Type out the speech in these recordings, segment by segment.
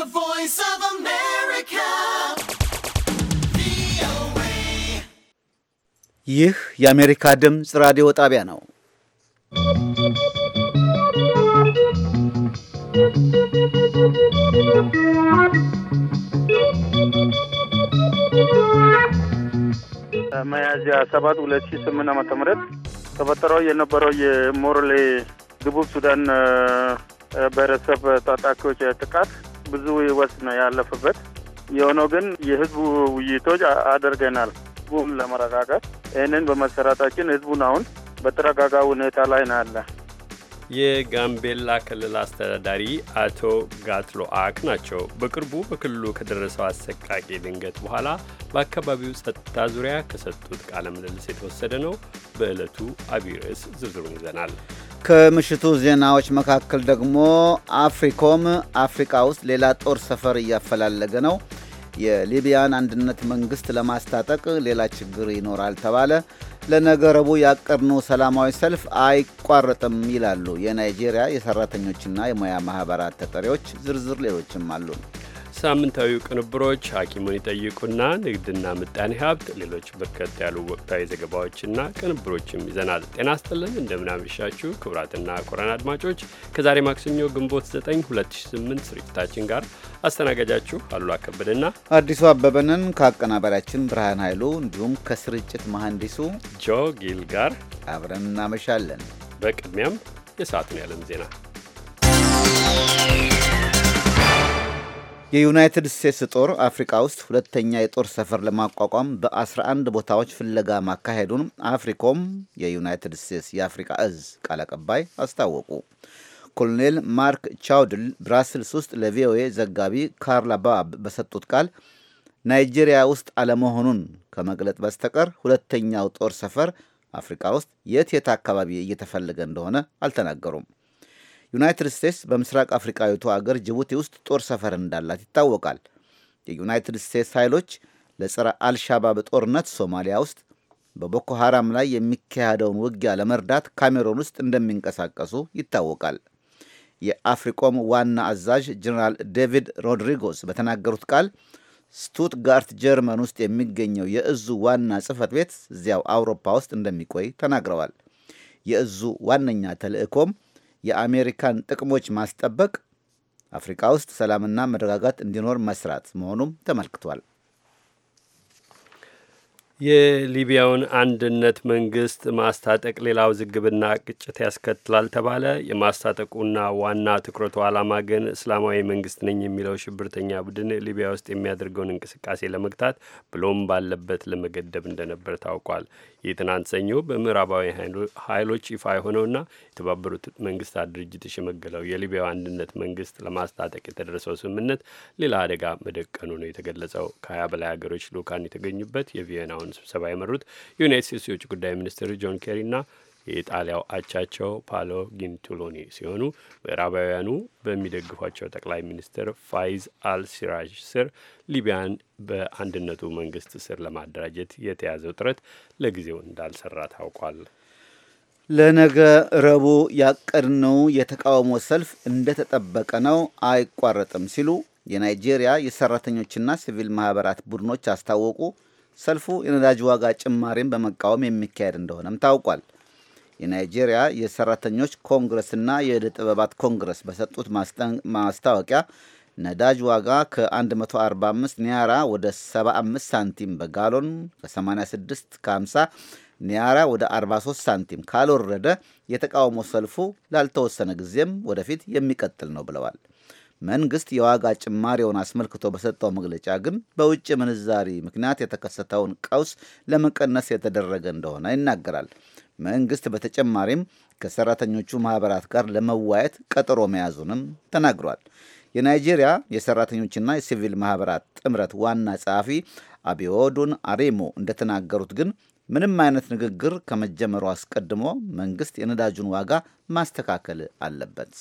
The voice of America. ይህ የአሜሪካ ድምፅ ራዲዮ ጣቢያ ነው። ሚያዝያ ሰባት ሁለት ሺ ስምንት ዓመተ ምህረት ተፈጠረው የነበረው የሞርሌ ደቡብ ሱዳን ብሔረሰብ ታጣቂዎች ጥቃት ብዙ ህይወት ነው ያለፈበት። የሆነው ግን የህዝቡ ውይይቶች አድርገናል። ህዝቡም ለመረጋጋት ይህንን በመሰራታችን ህዝቡን አሁን በተረጋጋ ሁኔታ ላይ ነው ያለ። የጋምቤላ ክልል አስተዳዳሪ አቶ ጋትሎአክ ናቸው። በቅርቡ በክልሉ ከደረሰው አሰቃቂ ድንገት በኋላ በአካባቢው ጸጥታ ዙሪያ ከሰጡት ቃለ ምልልስ የተወሰደ ነው። በዕለቱ አብይ ርዕስ ዝርዝሩን ይዘናል። ከምሽቱ ዜናዎች መካከል ደግሞ አፍሪኮም አፍሪካ ውስጥ ሌላ ጦር ሰፈር እያፈላለገ ነው። የሊቢያን አንድነት መንግስት ለማስታጠቅ ሌላ ችግር ይኖራል ተባለ። ለነገረቡ ያቀድነው ሰላማዊ ሰልፍ አይቋረጥም ይላሉ የናይጄሪያ የሰራተኞችና የሙያ ማህበራት ተጠሪዎች። ዝርዝር ሌሎችም አሉ። ሳምንታዊ ቅንብሮች ሐኪሙን ይጠይቁና ንግድና ምጣኔ ሀብት፣ ሌሎች በርከት ያሉ ወቅታዊ ዘገባዎችና ቅንብሮችም ይዘናል። ጤና ስጥልን እንደምናመሻችሁ ክቡራትና ክቡራን አድማጮች ከዛሬ ማክሰኞ ግንቦት 9 2008 ስርጭታችን ጋር አስተናጋጃችሁ አሉ አከብድና አዲሱ አበበንን ከአቀናባሪያችን ብርሃን ኃይሉ እንዲሁም ከስርጭት መሐንዲሱ ጆ ጊል ጋር አብረን እናመሻለን። በቅድሚያም የሰዓቱን ያለም ዜና የዩናይትድ ስቴትስ ጦር አፍሪካ ውስጥ ሁለተኛ የጦር ሰፈር ለማቋቋም በ11 ቦታዎች ፍለጋ ማካሄዱን አፍሪኮም የዩናይትድ ስቴትስ የአፍሪካ እዝ ቃል አቀባይ አስታወቁ። ኮሎኔል ማርክ ቻውድል ብራስልስ ውስጥ ለቪኦኤ ዘጋቢ ካርላ ባብ በሰጡት ቃል ናይጄሪያ ውስጥ አለመሆኑን ከመግለጥ በስተቀር ሁለተኛው ጦር ሰፈር አፍሪካ ውስጥ የት የት አካባቢ እየተፈለገ እንደሆነ አልተናገሩም። ዩናይትድ ስቴትስ በምስራቅ አፍሪካዊቱ አገር ጅቡቲ ውስጥ ጦር ሰፈር እንዳላት ይታወቃል። የዩናይትድ ስቴትስ ኃይሎች ለጸረ አልሻባብ ጦርነት ሶማሊያ ውስጥ በቦኮ ሐራም ላይ የሚካሄደውን ውጊያ ለመርዳት ካሜሮን ውስጥ እንደሚንቀሳቀሱ ይታወቃል። የአፍሪቆም ዋና አዛዥ ጀኔራል ዴቪድ ሮድሪጎስ በተናገሩት ቃል ስቱትጋርት ጀርመን ውስጥ የሚገኘው የእዙ ዋና ጽህፈት ቤት እዚያው አውሮፓ ውስጥ እንደሚቆይ ተናግረዋል። የእዙ ዋነኛ ተልእኮም የአሜሪካን ጥቅሞች ማስጠበቅ፣ አፍሪካ ውስጥ ሰላምና መረጋጋት እንዲኖር መስራት መሆኑም ተመልክቷል። የሊቢያውን አንድነት መንግስት ማስታጠቅ ሌላው ዝግብና ግጭት ያስከትላል ተባለ። የማስታጠቁና ዋና ትኩረቱ ዓላማ ግን እስላማዊ መንግስት ነኝ የሚለው ሽብርተኛ ቡድን ሊቢያ ውስጥ የሚያደርገውን እንቅስቃሴ ለመግታት ብሎም ባለበት ለመገደብ እንደነበር ታውቋል። የትናንት ሰኞ በምዕራባዊ ኃይሎች ይፋ የሆነውና የተባበሩት መንግስታት ድርጅት የሸመገለው የሊቢያው አንድነት መንግስት ለማስታጠቅ የተደረሰው ስምምነት ሌላ አደጋ መደቀኑ ነው የተገለጸው። ከሀያ በላይ ሀገሮች ልኡካን የተገኙበት የቪየናውን ስብሰባ የመሩት የዩናይት ስቴትስ የውጭ ጉዳይ ሚኒስትር ጆን ኬሪና የኢጣሊያው አቻቸው ፓሎ ጊንቱሎኒ ሲሆኑ ምዕራባውያኑ በሚደግፏቸው ጠቅላይ ሚኒስትር ፋይዝ አልሲራጅ ስር ሊቢያን በአንድነቱ መንግስት ስር ለማደራጀት የተያዘው ጥረት ለጊዜው እንዳልሰራ ታውቋል። ለነገ ረቡዕ ያቀድነው የተቃውሞ ሰልፍ እንደተጠበቀ ነው፣ አይቋረጥም ሲሉ የናይጄሪያ የሰራተኞችና ሲቪል ማህበራት ቡድኖች አስታወቁ። ሰልፉ የነዳጅ ዋጋ ጭማሪን በመቃወም የሚካሄድ እንደሆነም ታውቋል። የናይጄሪያ የሰራተኞች ኮንግረስና የእደ ጥበባት ኮንግረስ በሰጡት ማስታወቂያ ነዳጅ ዋጋ ከ145 ኒያራ ወደ 75 ሳንቲም በጋሎን ከ86 ከ50 ኒያራ ወደ 43 ሳንቲም ካልወረደ የተቃውሞ ሰልፉ ላልተወሰነ ጊዜም ወደፊት የሚቀጥል ነው ብለዋል። መንግስት የዋጋ ጭማሪውን አስመልክቶ በሰጠው መግለጫ ግን በውጭ ምንዛሪ ምክንያት የተከሰተውን ቀውስ ለመቀነስ የተደረገ እንደሆነ ይናገራል። መንግስት በተጨማሪም ከሰራተኞቹ ማህበራት ጋር ለመዋየት ቀጠሮ መያዙንም ተናግሯል። የናይጄሪያ የሰራተኞችና የሲቪል ማህበራት ጥምረት ዋና ጸሐፊ አቢዮዶን አሬሞ እንደተናገሩት ግን ምንም አይነት ንግግር ከመጀመሩ አስቀድሞ መንግስት የነዳጁን ዋጋ ማስተካከል አለበት።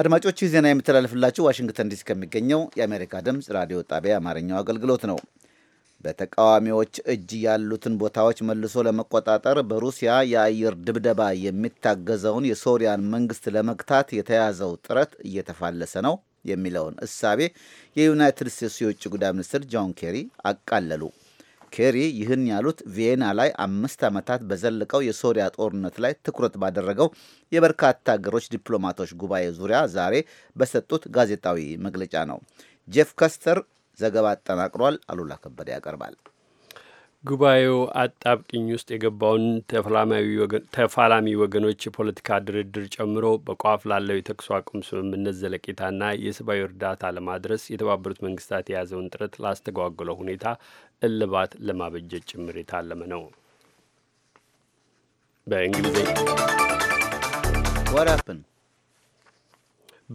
አድማጮች ይህ ዜና የሚተላለፍላችሁ ዋሽንግተን ዲሲ ከሚገኘው የአሜሪካ ድምፅ ራዲዮ ጣቢያ አማርኛው አገልግሎት ነው። በተቃዋሚዎች እጅ ያሉትን ቦታዎች መልሶ ለመቆጣጠር በሩሲያ የአየር ድብደባ የሚታገዘውን የሶሪያን መንግስት ለመግታት የተያዘው ጥረት እየተፋለሰ ነው የሚለውን እሳቤ የዩናይትድ ስቴትስ የውጭ ጉዳይ ሚኒስትር ጆን ኬሪ አቃለሉ። ኬሪ ይህን ያሉት ቪየና ላይ አምስት ዓመታት በዘለቀው የሶሪያ ጦርነት ላይ ትኩረት ባደረገው የበርካታ ሀገሮች ዲፕሎማቶች ጉባኤ ዙሪያ ዛሬ በሰጡት ጋዜጣዊ መግለጫ ነው። ጄፍ ከስተር ዘገባ አጠናቅሯል። አሉላ ከበደ ያቀርባል። ጉባኤው አጣብቅኝ ውስጥ የገባውን ተፋላሚ ወገኖች የፖለቲካ ድርድር ጨምሮ በቋፍ ላለው የተኩስ አቁም ስምምነት ዘለቄታና የሰብአዊ እርዳታ ለማድረስ የተባበሩት መንግስታት የያዘውን ጥረት ላስተጓጉለው ሁኔታ እልባት ለማበጀት ጭምር የታለመ ነው። በእንግሊዝኛ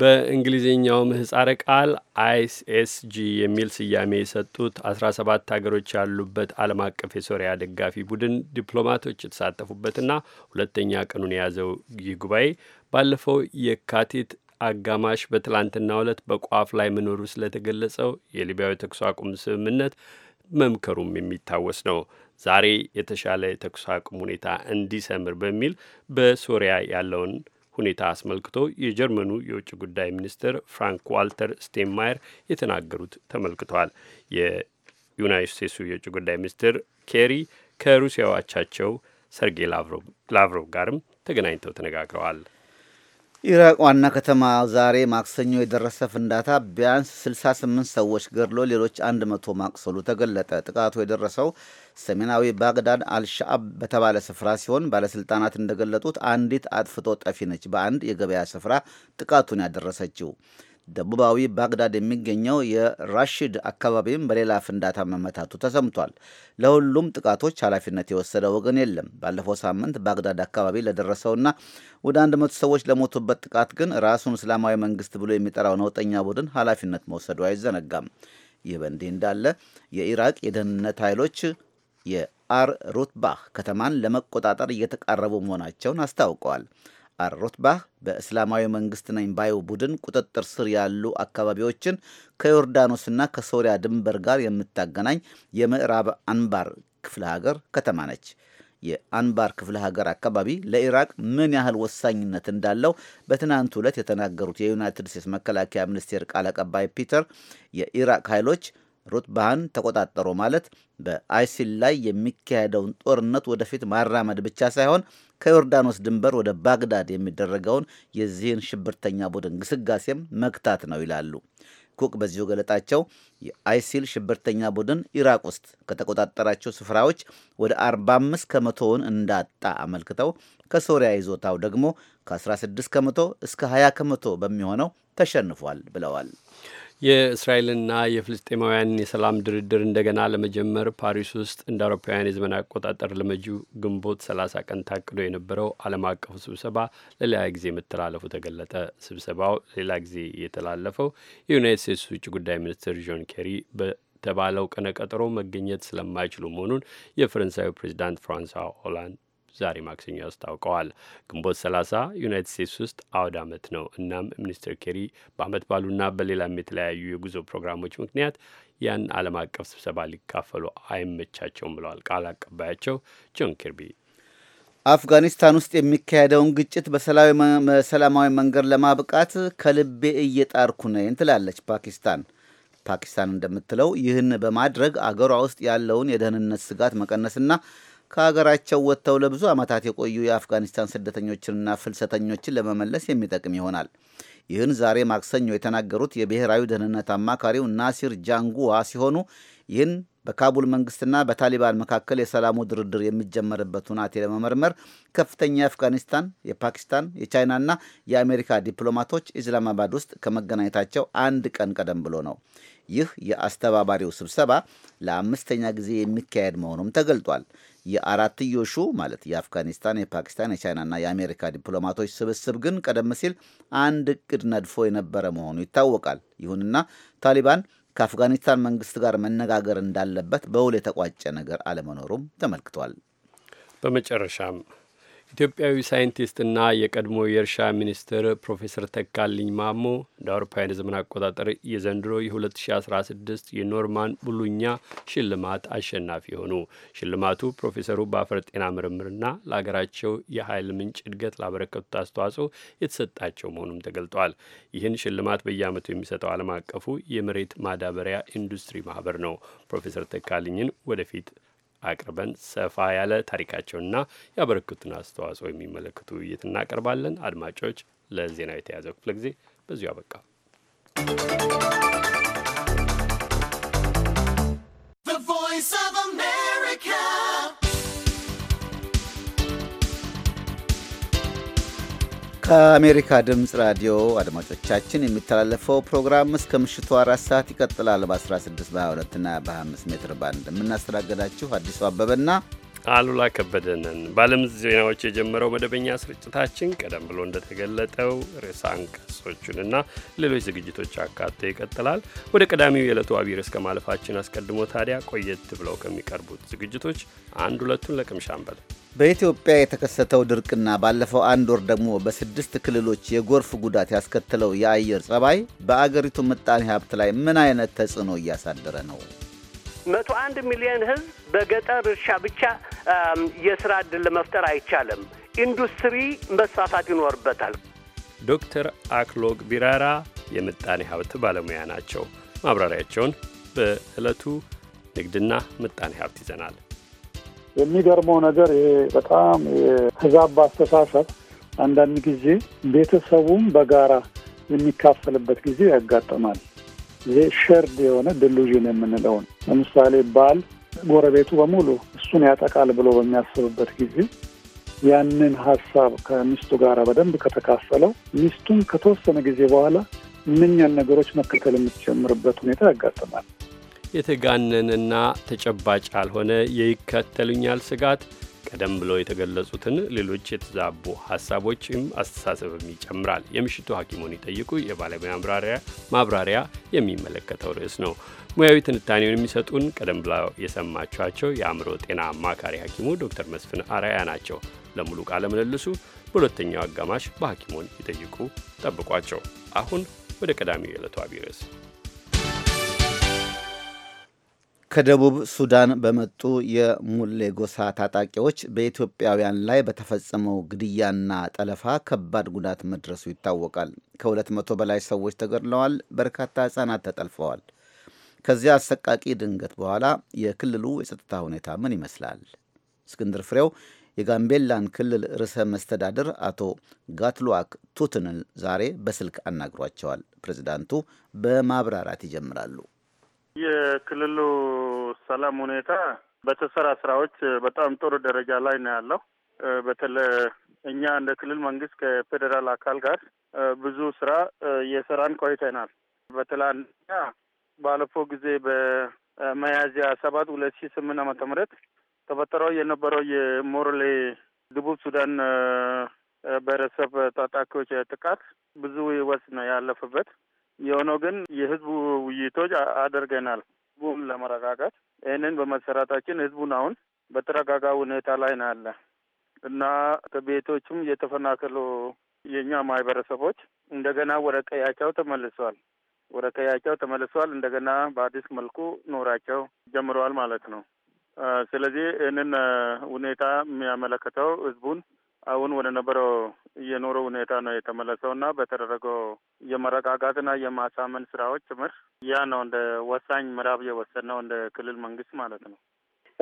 በእንግሊዝኛው ምህጻረ ቃል አይኤስጂ የሚል ስያሜ የሰጡት ሰባት ሀገሮች ያሉበት ዓለም አቀፍ የሶሪያ ደጋፊ ቡድን ዲፕሎማቶች የተሳተፉበትና ሁለተኛ ቀኑን የያዘው ይህ ጉባኤ ባለፈው የካቲት አጋማሽ በትላንትናው ዕለት በቋፍ ላይ መኖሩ ስለተገለጸው የሊቢያዊ ተኩስ አቁም ስምምነት መምከሩም የሚታወስ ነው። ዛሬ የተሻለ የተኩስ አቁም ሁኔታ እንዲሰምር በሚል በሶሪያ ያለውን ሁኔታ አስመልክቶ የጀርመኑ የውጭ ጉዳይ ሚኒስትር ፍራንክ ዋልተር ስቴንማየር የተናገሩት ተመልክቷል። የዩናይት ስቴትሱ የውጭ ጉዳይ ሚኒስትር ኬሪ ከሩሲያው አቻቸው ሰርጌይ ላቭሮቭ ጋርም ተገናኝተው ተነጋግረዋል። ኢራቅ ዋና ከተማ ዛሬ ማክሰኞ የደረሰ ፍንዳታ ቢያንስ 68 ሰዎች ገድሎ ሌሎች 100 ማቁሰሉ ተገለጠ። ጥቃቱ የደረሰው ሰሜናዊ ባግዳድ አልሻአብ በተባለ ስፍራ ሲሆን ባለስልጣናት እንደገለጡት አንዲት አጥፍቶ ጠፊ ነች በአንድ የገበያ ስፍራ ጥቃቱን ያደረሰችው። ደቡባዊ ባግዳድ የሚገኘው የራሽድ አካባቢም በሌላ ፍንዳታ መመታቱ ተሰምቷል። ለሁሉም ጥቃቶች ኃላፊነት የወሰደ ወገን የለም። ባለፈው ሳምንት ባግዳድ አካባቢ ለደረሰውና ወደ 100 መቶ ሰዎች ለሞቱበት ጥቃት ግን ራሱን እስላማዊ መንግስት ብሎ የሚጠራው ነውጠኛ ቡድን ኃላፊነት መውሰዱ አይዘነጋም። ይህ በእንዲህ እንዳለ የኢራቅ የደህንነት ኃይሎች የአር ሩትባህ ከተማን ለመቆጣጠር እየተቃረቡ መሆናቸውን አስታውቀዋል። አር ሩትባህ በእስላማዊ መንግስት ነኝ ባዩ ቡድን ቁጥጥር ስር ያሉ አካባቢዎችን ከዮርዳኖስና ከሶሪያ ድንበር ጋር የምታገናኝ የምዕራብ አንባር ክፍለ ሀገር ከተማ ነች። የአንባር ክፍለ ሀገር አካባቢ ለኢራቅ ምን ያህል ወሳኝነት እንዳለው በትናንት ዕለት የተናገሩት የዩናይትድ ስቴትስ መከላከያ ሚኒስቴር ቃል አቀባይ ፒተር የኢራቅ ኃይሎች ሩትባህን ተቆጣጠሮ ማለት በአይሲል ላይ የሚካሄደውን ጦርነት ወደፊት ማራመድ ብቻ ሳይሆን ከዮርዳኖስ ድንበር ወደ ባግዳድ የሚደረገውን የዚህን ሽብርተኛ ቡድን ግስጋሴም መግታት ነው ይላሉ። ኩክ በዚሁ ገለጣቸው የአይሲል ሽብርተኛ ቡድን ኢራቅ ውስጥ ከተቆጣጠራቸው ስፍራዎች ወደ 45 ከመቶውን እንዳጣ አመልክተው ከሶሪያ ይዞታው ደግሞ ከ16 ከመቶ እስከ 20 ከመቶ በሚሆነው ተሸንፏል ብለዋል። የእስራኤልና የፍልስጤማውያን የሰላም ድርድር እንደገና ለመጀመር ፓሪስ ውስጥ እንደ አውሮፓውያን የዘመን አቆጣጠር ለመጪው ግንቦት 30 ቀን ታቅዶ የነበረው ዓለም አቀፉ ስብሰባ ለሌላ ጊዜ መተላለፉ ተገለጠ። ስብሰባው ሌላ ጊዜ የተላለፈው የዩናይት ስቴትስ ውጭ ጉዳይ ሚኒስትር ጆን ኬሪ በተባለው ቀነ ቀጠሮ መገኘት ስለማይችሉ መሆኑን የፈረንሳዩ ፕሬዚዳንት ፍራንሷ ሆላንድ ዛሬ ማክሰኞ አስታውቀዋል። ግንቦት 30 ዩናይትድ ስቴትስ ውስጥ አውድ ዓመት ነው። እናም ሚኒስትር ኬሪ በአመት ባሉና በሌላም የተለያዩ የጉዞ ፕሮግራሞች ምክንያት ያን ዓለም አቀፍ ስብሰባ ሊካፈሉ አይመቻቸውም ብለዋል ቃል አቀባያቸው ጆን ኪርቢ። አፍጋኒስታን ውስጥ የሚካሄደውን ግጭት በሰላማዊ መንገድ ለማብቃት ከልቤ እየጣርኩ ነኝ ትላለች ፓኪስታን። ፓኪስታን እንደምትለው ይህን በማድረግ አገሯ ውስጥ ያለውን የደህንነት ስጋት መቀነስና ከሀገራቸው ወጥተው ለብዙ ዓመታት የቆዩ የአፍጋኒስታን ስደተኞችንና ፍልሰተኞችን ለመመለስ የሚጠቅም ይሆናል። ይህን ዛሬ ማክሰኞ የተናገሩት የብሔራዊ ደህንነት አማካሪው ናሲር ጃንጉዋ ሲሆኑ ይህን በካቡል መንግስትና በታሊባን መካከል የሰላሙ ድርድር የሚጀመርበት ሁናቴ ለመመርመር ከፍተኛ የአፍጋኒስታን፣ የፓኪስታን፣ የቻይናና የአሜሪካ ዲፕሎማቶች ኢስላማባድ ውስጥ ከመገናኘታቸው አንድ ቀን ቀደም ብሎ ነው። ይህ የአስተባባሪው ስብሰባ ለአምስተኛ ጊዜ የሚካሄድ መሆኑም ተገልጧል። የአራትዮሹ ማለት የአፍጋኒስታን፣ የፓኪስታን፣ የቻይናና የአሜሪካ ዲፕሎማቶች ስብስብ ግን ቀደም ሲል አንድ እቅድ ነድፎ የነበረ መሆኑ ይታወቃል። ይሁንና ታሊባን ከአፍጋኒስታን መንግስት ጋር መነጋገር እንዳለበት በውል የተቋጨ ነገር አለመኖሩም ተመልክቷል። በመጨረሻም ኢትዮጵያዊ ሳይንቲስትና የቀድሞ የእርሻ ሚኒስትር ፕሮፌሰር ተካልኝ ማሞ እንደ አውሮፓውያን ዘመን አቆጣጠር የዘንድሮ የ2016 የኖርማን ቡሉኛ ሽልማት አሸናፊ ሆኑ። ሽልማቱ ፕሮፌሰሩ በአፈር ጤና ምርምርና ለሀገራቸው የኃይል ምንጭ እድገት ላበረከቱት አስተዋጽኦ የተሰጣቸው መሆኑም ተገልጧል። ይህን ሽልማት በየዓመቱ የሚሰጠው ዓለም አቀፉ የመሬት ማዳበሪያ ኢንዱስትሪ ማህበር ነው። ፕሮፌሰር ተካልኝን ወደፊት አቅርበን ሰፋ ያለ ታሪካቸውንና ያበረክቱን አስተዋጽኦ የሚመለከቱ ውይይት እናቀርባለን። አድማጮች፣ ለዜናው የተያዘው ክፍለ ጊዜ በዚሁ አበቃ። ከአሜሪካ ድምፅ ራዲዮ አድማጮቻችን የሚተላለፈው ፕሮግራም እስከ ምሽቱ አራት ሰዓት ይቀጥላል። በ16 በ22ና በ25 ሜትር ባንድ የምናስተናገዳችሁ አዲሱ አበበና አሉላ ከበደንን በዓለም ዜናዎች የጀመረው መደበኛ ስርጭታችን ቀደም ብሎ እንደተገለጠው ርዕሰ አንቀጾቹንና ሌሎች ዝግጅቶች አካቶ ይቀጥላል። ወደ ቀዳሚው የዕለቱ አቢር እስከ ማለፋችን አስቀድሞ ታዲያ ቆየት ብለው ከሚቀርቡት ዝግጅቶች አንድ ሁለቱን ለቅምሻ አንበል። በኢትዮጵያ የተከሰተው ድርቅና ባለፈው አንድ ወር ደግሞ በስድስት ክልሎች የጎርፍ ጉዳት ያስከተለው የአየር ጸባይ በአገሪቱ ምጣኔ ሀብት ላይ ምን አይነት ተጽዕኖ እያሳደረ ነው? መቶ አንድ ሚሊዮን ህዝብ በገጠር እርሻ ብቻ የስራ እድል ለመፍጠር አይቻልም። ኢንዱስትሪ መስፋፋት ይኖርበታል። ዶክተር አክሎግ ቢራራ የምጣኔ ሀብት ባለሙያ ናቸው። ማብራሪያቸውን በዕለቱ ንግድና ምጣኔ ሀብት ይዘናል። የሚገርመው ነገር ይሄ በጣም የህዛብ አስተሳሰብ አንዳንድ ጊዜ ቤተሰቡም በጋራ የሚካፈልበት ጊዜ ያጋጥማል። ይሄ ሸርድ የሆነ ድሉዥን የምንለውን ለምሳሌ ባል ጎረቤቱ በሙሉ እሱን ያጠቃል ብሎ በሚያስብበት ጊዜ ያንን ሀሳብ ከሚስቱ ጋር በደንብ ከተካፈለው ሚስቱን ከተወሰነ ጊዜ በኋላ እነኛን ነገሮች መከተል የምትጀምርበት ሁኔታ ያጋጥማል። የተጋነንና ተጨባጭ ያልሆነ የይከተሉኛል ስጋት ቀደም ብለው የተገለጹትን ሌሎች የተዛቡ ሀሳቦችም አስተሳሰብም ይጨምራል። የምሽቱ ሐኪሙን ይጠይቁ የባለሙያ ማብራሪያ የሚመለከተው ርዕስ ነው። ሙያዊ ትንታኔውን የሚሰጡን ቀደም ብላ የሰማችኋቸው የአእምሮ ጤና አማካሪ ሐኪሙ ዶክተር መስፍን አርአያ ናቸው። ለሙሉ ቃለ ምልልሱ በሁለተኛው አጋማሽ በሐኪሙን ይጠይቁ ጠብቋቸው። አሁን ወደ ቀዳሚው የዕለቱ አብይ ርዕስ ከደቡብ ሱዳን በመጡ የሙሌ ጎሳ ታጣቂዎች በኢትዮጵያውያን ላይ በተፈጸመው ግድያና ጠለፋ ከባድ ጉዳት መድረሱ ይታወቃል። ከሁለት መቶ በላይ ሰዎች ተገድለዋል። በርካታ ሕጻናት ተጠልፈዋል። ከዚያ አሰቃቂ ድንገት በኋላ የክልሉ የጸጥታ ሁኔታ ምን ይመስላል? እስክንድር ፍሬው የጋምቤላን ክልል ርዕሰ መስተዳድር አቶ ጋትሉዋክ ቱትንን ዛሬ በስልክ አናግሯቸዋል። ፕሬዚዳንቱ በማብራራት ይጀምራሉ። የክልሉ ሰላም ሁኔታ በተሰራ ስራዎች በጣም ጥሩ ደረጃ ላይ ነው ያለው። በተለይ እኛ እንደ ክልል መንግስት ከፌዴራል አካል ጋር ብዙ ስራ የስራን ቆይተናል። በተለይ አንደኛ ባለፈው ጊዜ በመያዝያ ሰባት ሁለት ሺ ስምንት ዓመተ ምህረት ተፈጠረው የነበረው የሞርሌ ደቡብ ሱዳን ብሔረሰብ ታጣቂዎች ጥቃት ብዙ ወስ ነው ያለፈበት የሆነው ግን የህዝቡ ውይይቶች አድርገናል። ህዝቡም ለመረጋጋት ይህንን በመሰራታችን ህዝቡን አሁን በተረጋጋ ሁኔታ ላይ ነው ያለ እና ከቤቶቹም የተፈናቀሉ የእኛ ማህበረሰቦች እንደገና ወደ ቀያቸው ተመልሰዋል ወደ ቀያቸው ተመልሰዋል። እንደገና በአዲስ መልኩ ኖራቸው ጀምረዋል ማለት ነው። ስለዚህ ይህንን ሁኔታ የሚያመለክተው ህዝቡን አሁን ወደ ነበረው የኑሮ ሁኔታ ነው የተመለሰው እና በተደረገው የመረጋጋትና የማሳመን ስራዎች ጭምር ያ ነው እንደ ወሳኝ ምዕራብ የወሰድነው እንደ ክልል መንግስት ማለት ነው።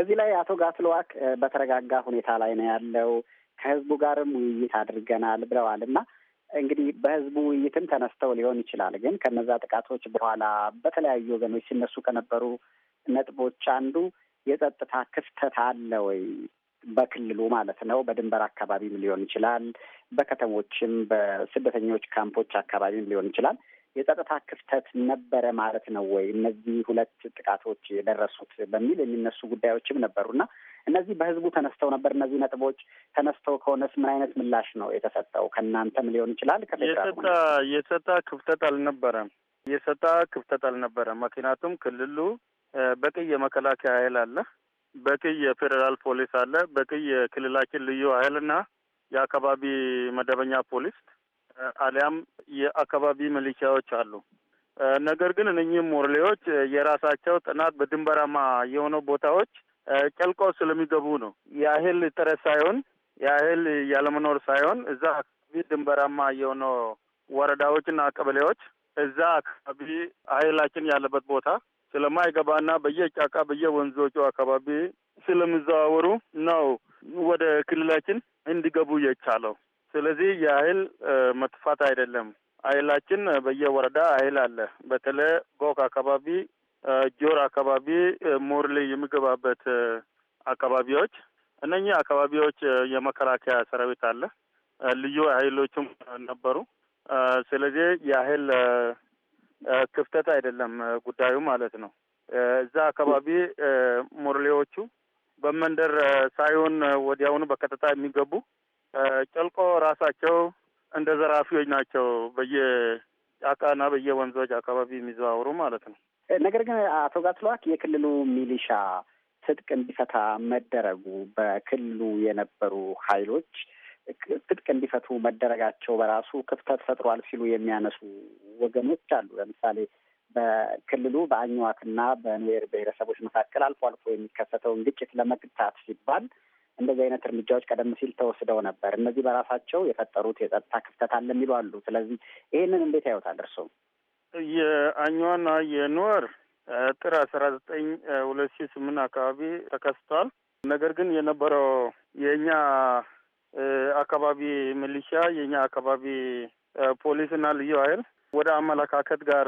እዚህ ላይ አቶ ጋትለዋክ በተረጋጋ ሁኔታ ላይ ነው ያለው፣ ከህዝቡ ጋርም ውይይት አድርገናል ብለዋል እና እንግዲህ በህዝቡ ውይይትም ተነስተው ሊሆን ይችላል። ግን ከነዛ ጥቃቶች በኋላ በተለያዩ ወገኖች ሲነሱ ከነበሩ ነጥቦች አንዱ የጸጥታ ክፍተት አለ ወይ? በክልሉ ማለት ነው። በድንበር አካባቢም ሊሆን ይችላል። በከተሞችም በስደተኞች ካምፖች አካባቢም ሊሆን ይችላል። የጸጥታ ክፍተት ነበረ ማለት ነው ወይ? እነዚህ ሁለት ጥቃቶች የደረሱት በሚል የሚነሱ ጉዳዮችም ነበሩና እነዚህ በህዝቡ ተነስተው ነበር። እነዚህ ነጥቦች ተነስተው ከሆነስ ምን አይነት ምላሽ ነው የተሰጠው? ከእናንተም ሊሆን ይችላል። ከፌዴራል የጸጥታ ክፍተት አልነበረም። የጸጥታ ክፍተት አልነበረም። ምክንያቱም ክልሉ በቂ የመከላከያ ኃይል አለ። በቅይ የፌዴራል ፖሊስ አለ። በቅይ የክልላችን ልዩ ኃይልና የአካባቢ መደበኛ ፖሊስ አሊያም የአካባቢ ሚሊሻዎች አሉ። ነገር ግን እነኚህም ሞርሌዎች የራሳቸው ጥናት በድንበራማ የሆኑ ቦታዎች ጨልቆ ስለሚገቡ ነው። የአህል ጥረት ሳይሆን የአህል ያለመኖር ሳይሆን እዛ አካባቢ ድንበራማ የሆኑ ወረዳዎችና ቀበሌዎች እዛ አካባቢ ኃይላችን ያለበት ቦታ ስለማይገባና በየጫካ በየወንዞቹ አካባቢ ስለሚዘዋወሩ ነው ወደ ክልላችን እንዲገቡ የቻለው። ስለዚህ የአይል መጥፋት አይደለም። አይላችን በየወረዳ አይል አለ። በተለይ ጎክ አካባቢ፣ ጆር አካባቢ፣ ሞርሌ የሚገባበት አካባቢዎች እነኚህ አካባቢዎች የመከላከያ ሰራዊት አለ፣ ልዩ ኃይሎችም ነበሩ። ስለዚህ የአይል ክፍተት አይደለም ጉዳዩ ማለት ነው። እዛ አካባቢ ሞርሌዎቹ በመንደር ሳይሆን ወዲያውኑ በቀጥታ የሚገቡ ጨልቆ ራሳቸው እንደ ዘራፊዎች ናቸው። በየጫካና በየወንዞች አካባቢ የሚዘዋውሩ ማለት ነው። ነገር ግን አቶ ጋትሏክ የክልሉ ሚሊሻ ትጥቅ እንዲፈታ መደረጉ በክልሉ የነበሩ ኃይሎች ትጥቅ እንዲፈቱ መደረጋቸው በራሱ ክፍተት ፈጥሯል ሲሉ የሚያነሱ ወገኖች አሉ። ለምሳሌ በክልሉ በአኝዋክና በኑዌር ብሔረሰቦች መካከል አልፎ አልፎ የሚከሰተውን ግጭት ለመግታት ሲባል እንደዚህ አይነት እርምጃዎች ቀደም ሲል ተወስደው ነበር። እነዚህ በራሳቸው የፈጠሩት የጸጥታ ክፍተት አለ የሚሉ አሉ። ስለዚህ ይህንን እንዴት ያዩታል እርሶ? የአኝዋና የኑዌር ጥር አስራ ዘጠኝ ሁለት ሺ ስምንት አካባቢ ተከስቷል። ነገር ግን የነበረው የእኛ አካባቢ ሚሊሺያ የኛ አካባቢ ፖሊስና ልዩ ኃይል ወደ አመለካከት ጋር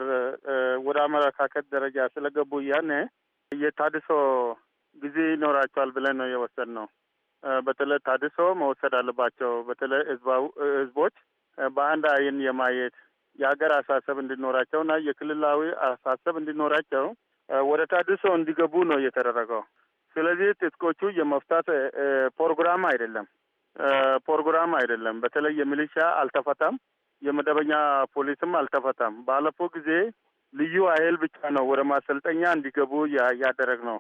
ወደ አመለካከት ደረጃ ስለገቡ እያኔ የታድሶ ጊዜ ይኖራቸዋል ብለን ነው የወሰድ ነው። በተለይ ታድሶ መወሰድ አለባቸው። በተለይ ህዝቦች በአንድ አይን የማየት የሀገር አሳሰብ እንዲኖራቸውና የክልላዊ አሳሰብ እንዲኖራቸው ወደ ታድሶ እንዲገቡ ነው የተደረገው። ስለዚህ ትጥቆቹ የመፍታት ፕሮግራም አይደለም። ፕሮግራም አይደለም። በተለይ የሚሊሻ አልተፈታም፣ የመደበኛ ፖሊስም አልተፈታም። ባለፈው ጊዜ ልዩ ኃይል ብቻ ነው ወደ ማሰልጠኛ እንዲገቡ ያደረግ ነው።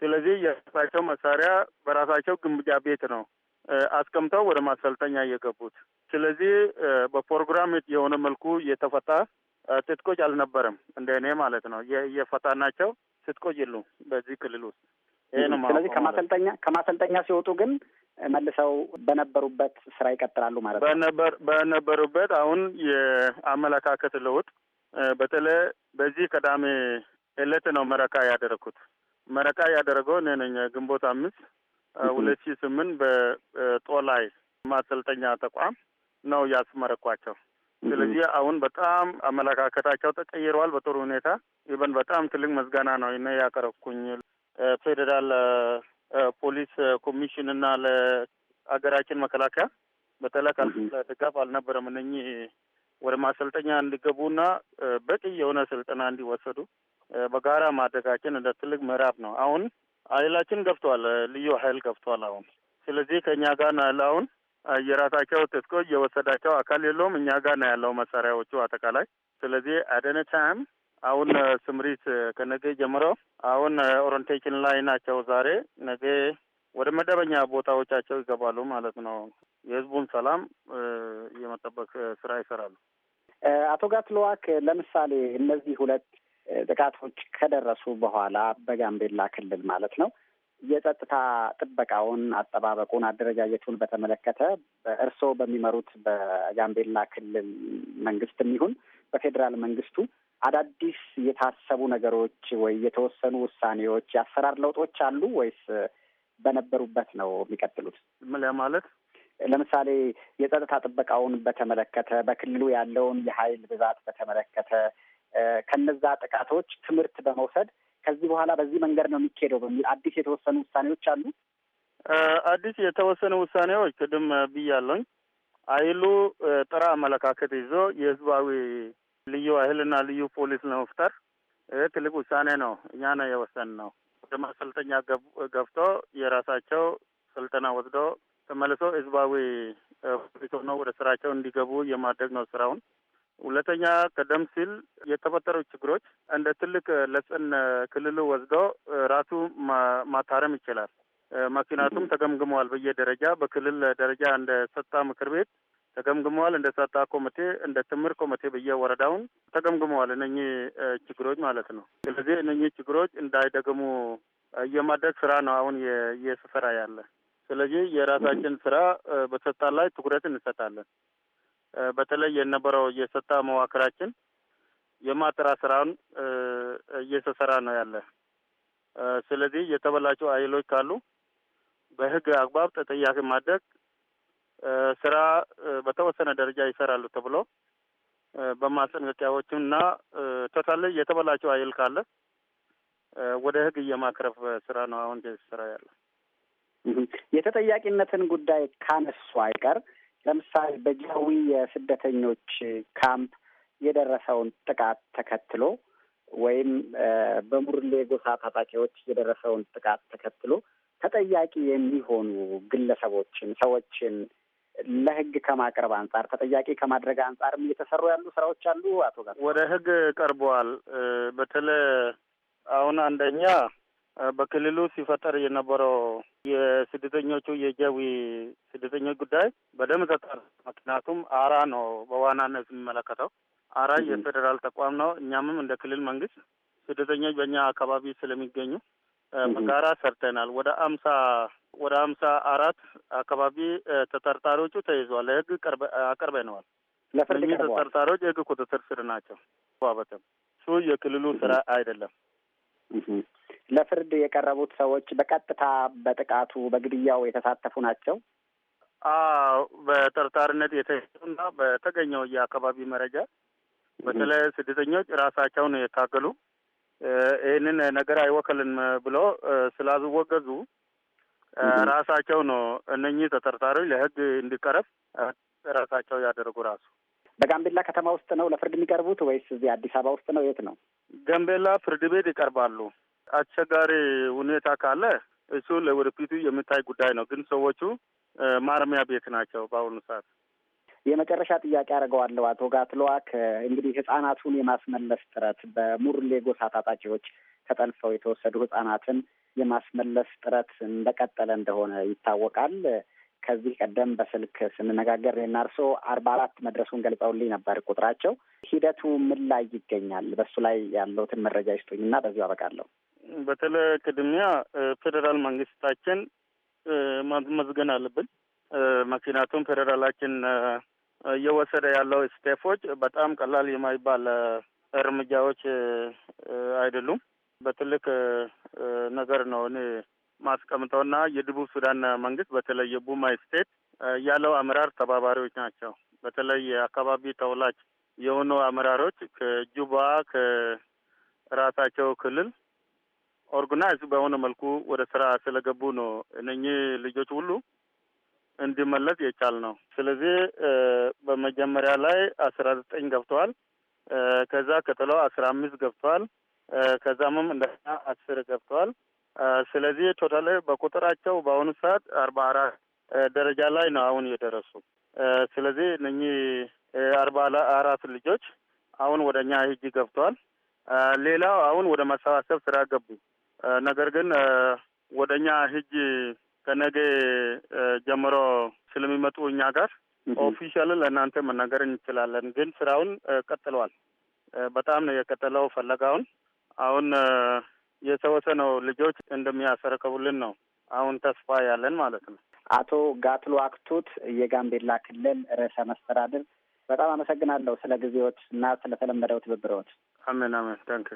ስለዚህ የራሳቸው መሳሪያ በራሳቸው ግምጃ ቤት ነው አስቀምጠው ወደ ማሰልጠኛ እየገቡት። ስለዚህ በፕሮግራም የሆነ መልኩ እየተፈታ ትጥቆች አልነበረም። እንደ እኔ ማለት ነው የፈታ ናቸው ትጥቆች የሉ በዚህ ክልል ውስጥ። ስለዚህ ከማሰልጠኛ ከማሰልጠኛ ሲወጡ ግን መልሰው በነበሩበት ስራ ይቀጥላሉ ማለት ነው። በነበሩበት አሁን የአመለካከት ለውጥ በተለይ በዚህ ቅዳሜ እለት ነው መረቃ ያደረግኩት። መረቃ ያደረገው እኔ ነኝ። ግንቦት አምስት ሁለት ሺህ ስምንት በጦላይ ማሰልጠኛ ተቋም ነው ያስመረኳቸው። ስለዚህ አሁን በጣም አመለካከታቸው ተቀይረዋል በጥሩ ሁኔታ። ይበን በጣም ትልቅ መዝጋና ነው እኔ ያቀረብኩኝ። ፌዴራል ፖሊስ ኮሚሽን እና ለሀገራችን መከላከያ በተለይ ድጋፍ አልነበረም። እነኚህ ወደ ማሰልጠኛ እንዲገቡና በቂ የሆነ ስልጠና እንዲወሰዱ በጋራ ማድረጋችን እንደ ትልቅ ምዕራፍ ነው። አሁን ኃይላችን ገብቷል፣ ልዩ ኃይል ገብቷል። አሁን ስለዚህ ከእኛ ጋር ነው ያለ። አሁን የራሳቸው ትጥቆ እየወሰዳቸው አካል የለውም። እኛ ጋር ነው ያለው መሳሪያዎቹ አጠቃላይ። ስለዚህ አደነ ታይም አሁን ስምሪት ከነገ ጀምሮ አሁን ኦሪንቴሽን ላይ ናቸው። ዛሬ ነገ ወደ መደበኛ ቦታዎቻቸው ይገባሉ ማለት ነው። የህዝቡን ሰላም የመጠበቅ ስራ ይሰራሉ። አቶ ጋትለዋክ ለምሳሌ እነዚህ ሁለት ጥቃቶች ከደረሱ በኋላ በጋምቤላ ክልል ማለት ነው የጸጥታ ጥበቃውን፣ አጠባበቁን፣ አደረጃጀቱን በተመለከተ እርስዎ በሚመሩት በጋምቤላ ክልል መንግስትም ይሁን በፌዴራል መንግስቱ አዳዲስ የታሰቡ ነገሮች ወይ የተወሰኑ ውሳኔዎች፣ የአሰራር ለውጦች አሉ ወይስ በነበሩበት ነው የሚቀጥሉት? ምን ለማለት ለምሳሌ የጸጥታ ጥበቃውን በተመለከተ በክልሉ ያለውን የኃይል ብዛት በተመለከተ ከነዛ ጥቃቶች ትምህርት በመውሰድ ከዚህ በኋላ በዚህ መንገድ ነው የሚካሄደው በሚል አዲስ የተወሰኑ ውሳኔዎች አሉ። አዲስ የተወሰኑ ውሳኔዎች ቅድም ብያለኝ አይሉ ጥራ አመለካከት ይዞ የህዝባዊ ልዩ ኃይልና ልዩ ፖሊስ ለመፍጠር ይህ ትልቅ ውሳኔ ነው። እኛ ነው የወሰን ነው። ወደ ማሰልጠኛ ገብቶ የራሳቸው ስልጠና ወስዶ ተመልሶ ህዝባዊ ፖሊስ ሆነው ወደ ስራቸው እንዲገቡ የማድረግ ነው ስራውን። ሁለተኛ ቀደም ሲል የተፈጠሩ ችግሮች እንደ ትልቅ ለጽን ክልሉ ወስዶ ራሱ ማታረም ይችላል። ምክንያቱም ተገምግመዋል በየደረጃ በክልል ደረጃ እንደ ሰጣ ምክር ቤት ተገምግመዋል። እንደ ጸጥታ ኮሚቴ፣ እንደ ትምህርት ኮሚቴ ብየ ወረዳውን ተገምግመዋል እነኚህ ችግሮች ማለት ነው። ስለዚህ እነኚህ ችግሮች እንዳይደግሙ የማድረግ ስራ ነው አሁን እየተሰራ ያለ። ስለዚህ የራሳችን ስራ በጸጥታ ላይ ትኩረት እንሰጣለን። በተለይ የነበረው የጸጥታ መዋቅራችን የማጥራ ስራውን እየተሰራ ነው ያለ። ስለዚህ የተበላሹ ኃይሎች ካሉ በህግ አግባብ ተጠያቂ ማድረግ ስራ በተወሰነ ደረጃ ይሰራሉ ተብሎ በማስጠንቀቂያዎችም እና ቶታል የተበላቸው አይል ካለ ወደ ህግ የማቅረብ ስራ ነው አሁን ስራ ያለ። የተጠያቂነትን ጉዳይ ካነሱ አይቀር ለምሳሌ በጃዊ የስደተኞች ካምፕ የደረሰውን ጥቃት ተከትሎ ወይም በሙርሌ ጎሳ ታጣቂዎች የደረሰውን ጥቃት ተከትሎ ተጠያቂ የሚሆኑ ግለሰቦችን፣ ሰዎችን ለህግ ከማቅረብ አንጻር ተጠያቂ ከማድረግ አንጻርም እየተሰሩ ያሉ ስራዎች አሉ። አቶ ጋር ወደ ህግ ቀርበዋል። በተለይ አሁን አንደኛ በክልሉ ሲፈጠር የነበረው የስደተኞቹ የጃዊ ስደተኞች ጉዳይ በደንብ ተጠር ምክንያቱም አራ ነው በዋናነት የሚመለከተው አራ የፌዴራል ተቋም ነው። እኛምም እንደ ክልል መንግስት ስደተኞች በእኛ አካባቢ ስለሚገኙ በጋራ ሰርተናል። ወደ አምሳ ወደ አምሳ አራት አካባቢ ተጠርጣሪዎቹ ተይዟል። ለህግ አቅርበነዋል። ለፍርድ ተጠርጣሪዎች የህግ ቁጥጥር ስር ናቸው። ባበትም እሱ የክልሉ ስራ አይደለም። ለፍርድ የቀረቡት ሰዎች በቀጥታ በጥቃቱ በግድያው የተሳተፉ ናቸው። አዎ በጠርጣሪነት የተያዙና በተገኘው የአካባቢ መረጃ በተለይ ስደተኞች ራሳቸውን የታገሉ ይህንን ነገር አይወከልም ብሎ ስላዝወገዙ ራሳቸው ነው እነኚህ ተጠርጣሪዎች ለህግ እንዲቀረብ ራሳቸው ያደረጉ ራሱ በጋምቤላ ከተማ ውስጥ ነው ለፍርድ የሚቀርቡት ወይስ እዚህ አዲስ አበባ ውስጥ ነው? የት ነው? ጋምቤላ ፍርድ ቤት ይቀርባሉ። አስቸጋሪ ሁኔታ ካለ እሱ ለወደፊቱ የሚታይ ጉዳይ ነው። ግን ሰዎቹ ማረሚያ ቤት ናቸው በአሁኑ ሰዓት። የመጨረሻ ጥያቄ አድርገዋለሁ አቶ ጋትለዋክ እንግዲህ ህጻናቱን የማስመለስ ጥረት በሙርሌ ጎሳ ታጣቂዎች ተጠልፈው የተወሰዱ ህጻናትን የማስመለስ ጥረት እንደቀጠለ እንደሆነ ይታወቃል። ከዚህ ቀደም በስልክ ስንነጋገር እኔና እርስዎ አርባ አራት መድረሱን ገልጸውልኝ ነበር ቁጥራቸው። ሂደቱ ምን ላይ ይገኛል? በሱ ላይ ያለውትን መረጃ ይስጡኝ እና በዚሁ አበቃለሁ። በተለይ ቅድሚያ ፌዴራል መንግስታችን ማመስገን አለብን። ምክንያቱም ፌዴራላችን እየወሰደ ያለው ስቴፎች በጣም ቀላል የማይባል እርምጃዎች አይደሉም። በትልቅ ነገር ነው እኔ ማስቀምጠውና የደቡብ ሱዳን መንግስት በተለይ የቡማ ስቴት ያለው አመራር ተባባሪዎች ናቸው። በተለይ የአካባቢ ተውላጅ የሆኑ አመራሮች ከጁባ ከራሳቸው ክልል ኦርጋናይዝ በሆነ መልኩ ወደ ስራ ስለገቡ ነው እነኚህ ልጆች ሁሉ እንዲመለስ የቻል ነው። ስለዚህ በመጀመሪያ ላይ አስራ ዘጠኝ ገብተዋል። ከዛ ከጥለው አስራ አምስት ገብተዋል። ከዛምም እንደገና አስር ገብተዋል። ስለዚህ ቶታል በቁጥራቸው በአሁኑ ሰዓት አርባ አራት ደረጃ ላይ ነው አሁን የደረሱ። ስለዚህ እነኚህ አርባ አራት ልጆች አሁን ወደ እኛ ሂጂ ገብተዋል። ሌላው አሁን ወደ ማሰባሰብ ስራ ገቡ። ነገር ግን ወደ እኛ ሂጂ ከነገ ጀምሮ ስለሚመጡ እኛ ጋር ኦፊሻል ለእናንተ መናገር እንችላለን። ግን ስራውን ቀጥለዋል። በጣም ነው የቀጠለው። ፈለጋውን አሁን የተወሰነው ልጆች እንደሚያሰረከቡልን ነው አሁን ተስፋ ያለን ማለት ነው። አቶ ጋትሎ አክቱት የጋምቤላ ክልል ርዕሰ መስተዳድር፣ በጣም አመሰግናለሁ ስለ ጊዜዎት እና ስለተለመደው ትብብሮት። አሜን አሜን። ታንክ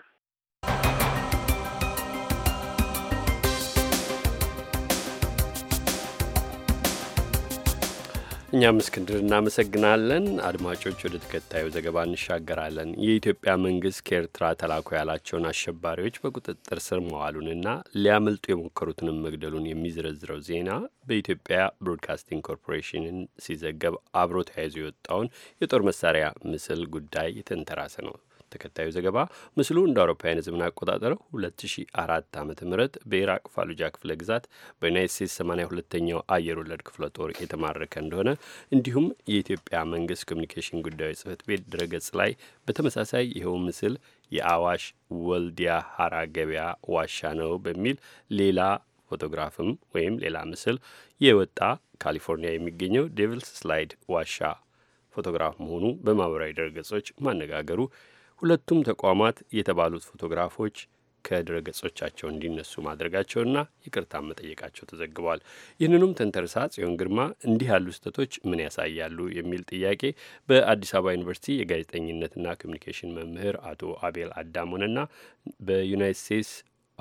እኛም እስክንድር እናመሰግናለን። አድማጮች ወደ ተከታዩ ዘገባ እንሻገራለን። የኢትዮጵያ መንግስት ከኤርትራ ተላኩ ያላቸውን አሸባሪዎች በቁጥጥር ስር መዋሉንና ሊያመልጡ የሞከሩትንም መግደሉን የሚዘረዝረው ዜና በኢትዮጵያ ብሮድካስቲንግ ኮርፖሬሽንን ሲዘገብ አብሮ ተያይዞ የወጣውን የጦር መሳሪያ ምስል ጉዳይ የተንተራሰ ነው። ተከታዩ ዘገባ ምስሉ እንደ አውሮፓውያን ዘመን አቆጣጠር 2004 ዓ ም በኢራቅ ፋሉጃ ክፍለ ግዛት በዩናይት ስቴትስ 82ኛው አየር ወለድ ክፍለ ጦር የተማረከ እንደሆነ እንዲሁም የኢትዮጵያ መንግስት ኮሚኒኬሽን ጉዳዮች ጽህፈት ቤት ድረገጽ ላይ በተመሳሳይ ይኸው ምስል የአዋሽ ወልዲያ ሀራ ገበያ ዋሻ ነው በሚል ሌላ ፎቶግራፍም ወይም ሌላ ምስል የወጣ ካሊፎርኒያ የሚገኘው ዴቪልስ ስላይድ ዋሻ ፎቶግራፍ መሆኑ በማህበራዊ ድረገጾች ማነጋገሩ ሁለቱም ተቋማት የተባሉት ፎቶግራፎች ከድረ ገጾቻቸው እንዲነሱ ማድረጋቸውና ይቅርታ መጠየቃቸው ተዘግቧል። ይህንኑም ተንተርሳ ጽዮን ግርማ እንዲህ ያሉ ስህተቶች ምን ያሳያሉ የሚል ጥያቄ በአዲስ አበባ ዩኒቨርሲቲ የጋዜጠኝነትና ኮሚኒኬሽን መምህር አቶ አቤል አዳሞንና በዩናይት ስቴትስ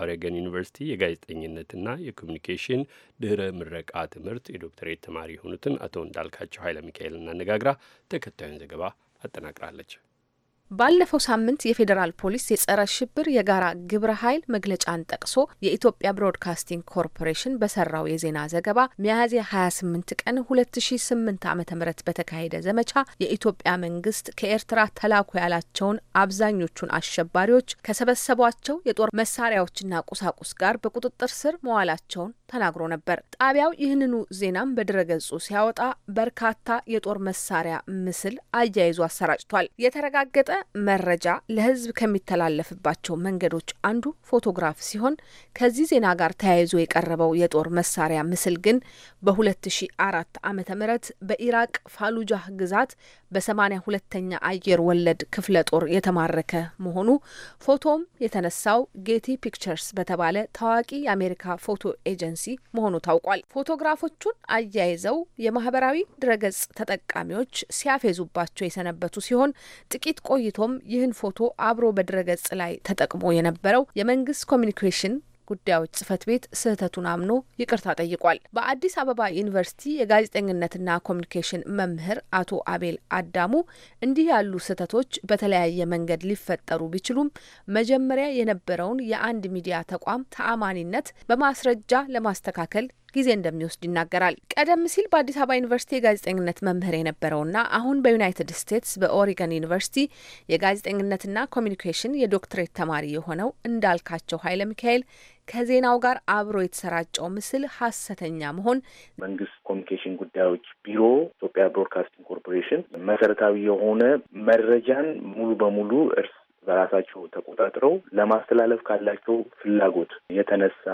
ኦሬገን ዩኒቨርሲቲ የጋዜጠኝነትና የኮሚኒኬሽን ድህረ ምረቃ ትምህርት የዶክተሬት ተማሪ የሆኑትን አቶ እንዳልካቸው ኃይለ ሚካኤል እናነጋግራ ተከታዩን ዘገባ አጠናቅራለች። ባለፈው ሳምንት የፌዴራል ፖሊስ የጸረ ሽብር የጋራ ግብረ ኃይል መግለጫን ጠቅሶ የኢትዮጵያ ብሮድካስቲንግ ኮርፖሬሽን በሰራው የዜና ዘገባ ሚያዝያ 28 ቀን 2008 ዓ.ም በተካሄደ ዘመቻ የኢትዮጵያ መንግስት ከኤርትራ ተላኩ ያላቸውን አብዛኞቹን አሸባሪዎች ከሰበሰቧቸው የጦር መሳሪያዎችና ቁሳቁስ ጋር በቁጥጥር ስር መዋላቸውን ተናግሮ ነበር። ጣቢያው ይህንኑ ዜናም በድረገጹ ሲያወጣ በርካታ የጦር መሳሪያ ምስል አያይዞ አሰራጭቷል። የተረጋገጠ መረጃ ለህዝብ ከሚተላለፍባቸው መንገዶች አንዱ ፎቶግራፍ ሲሆን ከዚህ ዜና ጋር ተያይዞ የቀረበው የጦር መሳሪያ ምስል ግን በ2004 ዓ ም በኢራቅ ፋሉጃህ ግዛት በሰማኒያ ሁለተኛ አየር ወለድ ክፍለ ጦር የተማረከ መሆኑ ፎቶም የተነሳው ጌቲ ፒክቸርስ በተባለ ታዋቂ የአሜሪካ ፎቶ ኤጀንሲ መሆኑ ታውቋል። ፎቶግራፎቹን አያይዘው የማህበራዊ ድረገጽ ተጠቃሚዎች ሲያፌዙባቸው የሰነበቱ ሲሆን ጥቂት ቆይ ቆይቶም ይህን ፎቶ አብሮ በድረገጽ ላይ ተጠቅሞ የነበረው የመንግስት ኮሚኒኬሽን ጉዳዮች ጽህፈት ቤት ስህተቱን አምኖ ይቅርታ ጠይቋል። በአዲስ አበባ ዩኒቨርሲቲ የጋዜጠኝነትና ኮሚኒኬሽን መምህር አቶ አቤል አዳሙ እንዲህ ያሉ ስህተቶች በተለያየ መንገድ ሊፈጠሩ ቢችሉም መጀመሪያ የነበረውን የአንድ ሚዲያ ተቋም ተአማኒነት በማስረጃ ለማስተካከል ጊዜ እንደሚወስድ ይናገራል። ቀደም ሲል በአዲስ አበባ ዩኒቨርሲቲ የጋዜጠኝነት መምህር የነበረውና አሁን በዩናይትድ ስቴትስ በኦሪገን ዩኒቨርሲቲ የጋዜጠኝነትና ኮሚኒኬሽን የዶክትሬት ተማሪ የሆነው እንዳልካቸው ኃይለ ሚካኤል ከዜናው ጋር አብሮ የተሰራጨው ምስል ሀሰተኛ መሆን መንግስት ኮሚኒኬሽን ጉዳዮች ቢሮ ኢትዮጵያ ብሮድካስቲንግ ኮርፖሬሽን መሰረታዊ የሆነ መረጃን ሙሉ በሙሉ እርስ በራሳቸው ተቆጣጥረው ለማስተላለፍ ካላቸው ፍላጎት የተነሳ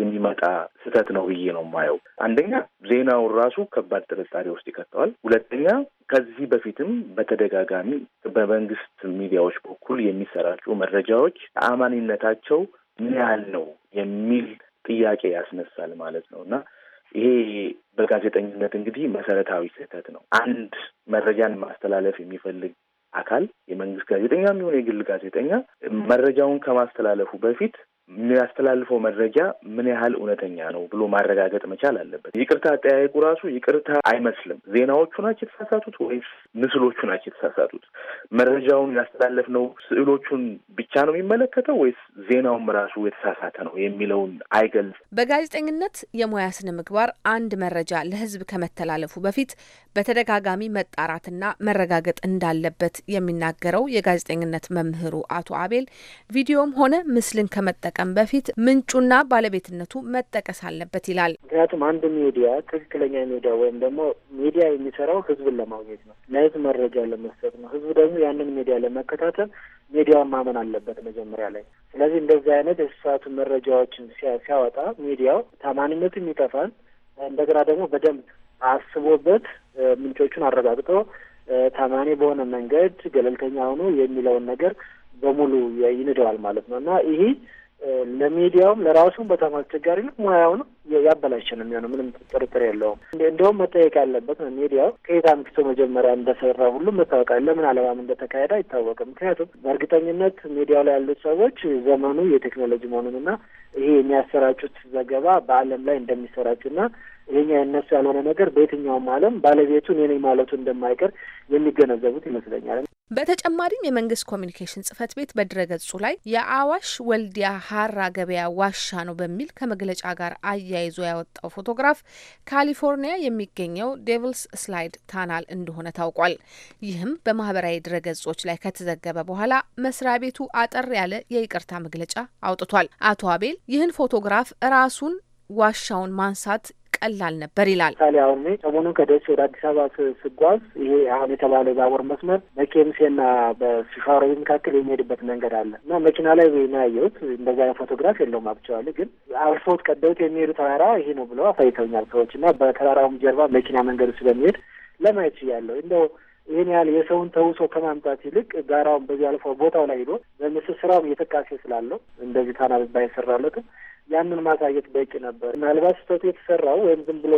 የሚመጣ ስህተት ነው ብዬ ነው የማየው። አንደኛ ዜናውን ራሱ ከባድ ጥርጣሬ ውስጥ ይከተዋል። ሁለተኛ ከዚህ በፊትም በተደጋጋሚ በመንግስት ሚዲያዎች በኩል የሚሰራጩ መረጃዎች ተአማኒነታቸው ምን ያህል ነው የሚል ጥያቄ ያስነሳል ማለት ነው እና ይሄ በጋዜጠኝነት እንግዲህ መሰረታዊ ስህተት ነው። አንድ መረጃን ማስተላለፍ የሚፈልግ አካል የመንግስት ጋዜጠኛ የሚሆን የግል ጋዜጠኛ መረጃውን ከማስተላለፉ በፊት የሚያስተላልፈው መረጃ ምን ያህል እውነተኛ ነው ብሎ ማረጋገጥ መቻል አለበት። ይቅርታ አጠያየቁ ራሱ ይቅርታ አይመስልም። ዜናዎቹ ናቸው የተሳሳቱት ወይስ ምስሎቹ ናቸው የተሳሳቱት? መረጃውን ያስተላለፍነው ስዕሎቹን ብቻ ነው የሚመለከተው ወይስ ዜናውም ራሱ የተሳሳተ ነው የሚለውን አይገልጽም። በጋዜጠኝነት የሙያ ስነ ምግባር አንድ መረጃ ለህዝብ ከመተላለፉ በፊት በተደጋጋሚ መጣራትና መረጋገጥ እንዳለበት የሚናገረው የጋዜጠኝነት መምህሩ አቶ አቤል ቪዲዮም ሆነ ምስልን ከመጠቀም በፊት ምንጩና ባለቤትነቱ መጠቀስ አለበት ይላል። ምክንያቱም አንድ ሚዲያ ትክክለኛ ሚዲያ ወይም ደግሞ ሚዲያ የሚሰራው ህዝብን ለማግኘት ነው፣ ለህዝብ መረጃ ለመስጠት ነው። ህዝቡ ደግሞ ያንን ሚዲያ ለመከታተል ሚዲያውን ማመን አለበት መጀመሪያ ላይ። ስለዚህ እንደዚህ አይነት የስሳቱ መረጃዎችን ሲያወጣ ሚዲያው ታማኒነቱም ይጠፋል። እንደገና ደግሞ በደንብ አስቦበት ምንጮቹን አረጋግጦ ታማኒ በሆነ መንገድ ገለልተኛ ሆኖ የሚለውን ነገር በሙሉ ይንደዋል ማለት ነው እና ይሄ ለሚዲያውም ለራሱም በጣም አስቸጋሪ ነው። ሙያውንም ያበላሸ ነው የሚሆነው። ምንም ጥርጥር የለውም። እንደውም መጠየቅ ያለበት ነው ሚዲያው ከየት አምክቶ መጀመሪያ እንደሰራ ሁሉ መታወቃል። ለምን አለማም እንደተካሄደ አይታወቅም። ምክንያቱም በእርግጠኝነት ሚዲያው ላይ ያሉት ሰዎች ዘመኑ የቴክኖሎጂ መሆኑን እና ይሄ የሚያሰራጩት ዘገባ በዓለም ላይ እንደሚሰራጭና ይሄኛ የእነሱ ያልሆነ ነገር በየትኛውም ዓለም ባለቤቱ እኔ ነኝ ማለቱ እንደማይቀር የሚገነዘቡት ይመስለኛል። በተጨማሪም የመንግስት ኮሚኒኬሽን ጽህፈት ቤት በድረገጹ ላይ የአዋሽ ወልዲያ ሀራ ገበያ ዋሻ ነው በሚል ከመግለጫ ጋር አያይዞ ያወጣው ፎቶግራፍ ካሊፎርኒያ የሚገኘው ዴቪልስ ስላይድ ታናል እንደሆነ ታውቋል። ይህም በማህበራዊ ድረገጾች ላይ ከተዘገበ በኋላ መስሪያ ቤቱ አጠር ያለ የይቅርታ መግለጫ አውጥቷል። አቶ አቤል ይህን ፎቶግራፍ ራሱን ዋሻውን ማንሳት ቀላል ነበር ይላል። ምሳሌ አሁን ሰሞኑን ከደሴ ወደ አዲስ አበባ ስጓዝ ይሄ አሁን የተባለ ባቡር መስመር በኬምሴና በፊሻሮቢ መካከል የሚሄድበት መንገድ አለ እና መኪና ላይ ነው ያየሁት። እንደዚ አይነት ፎቶግራፍ የለውም አብቸዋል፣ ግን አልፎት ቀደውት የሚሄዱ ተራራ ይሄ ነው ብለው አሳይተውኛል ሰዎች እና በተራራውም ጀርባ መኪና መንገዱ ስለሚሄድ ለማየት ችያለሁ እንደው ይህን ያህል የሰውን ተውሶ ከማምጣት ይልቅ ጋራውን በዚህ አልፎ ቦታው ላይ ሂዶ በምስል እየተቃሴ ስላለው እንደዚህ ታና ብባ የሰራለትም ያንን ማሳየት በቂ ነበር። ምናልባት ስህተቱ የተሰራው ወይም ዝም ብሎ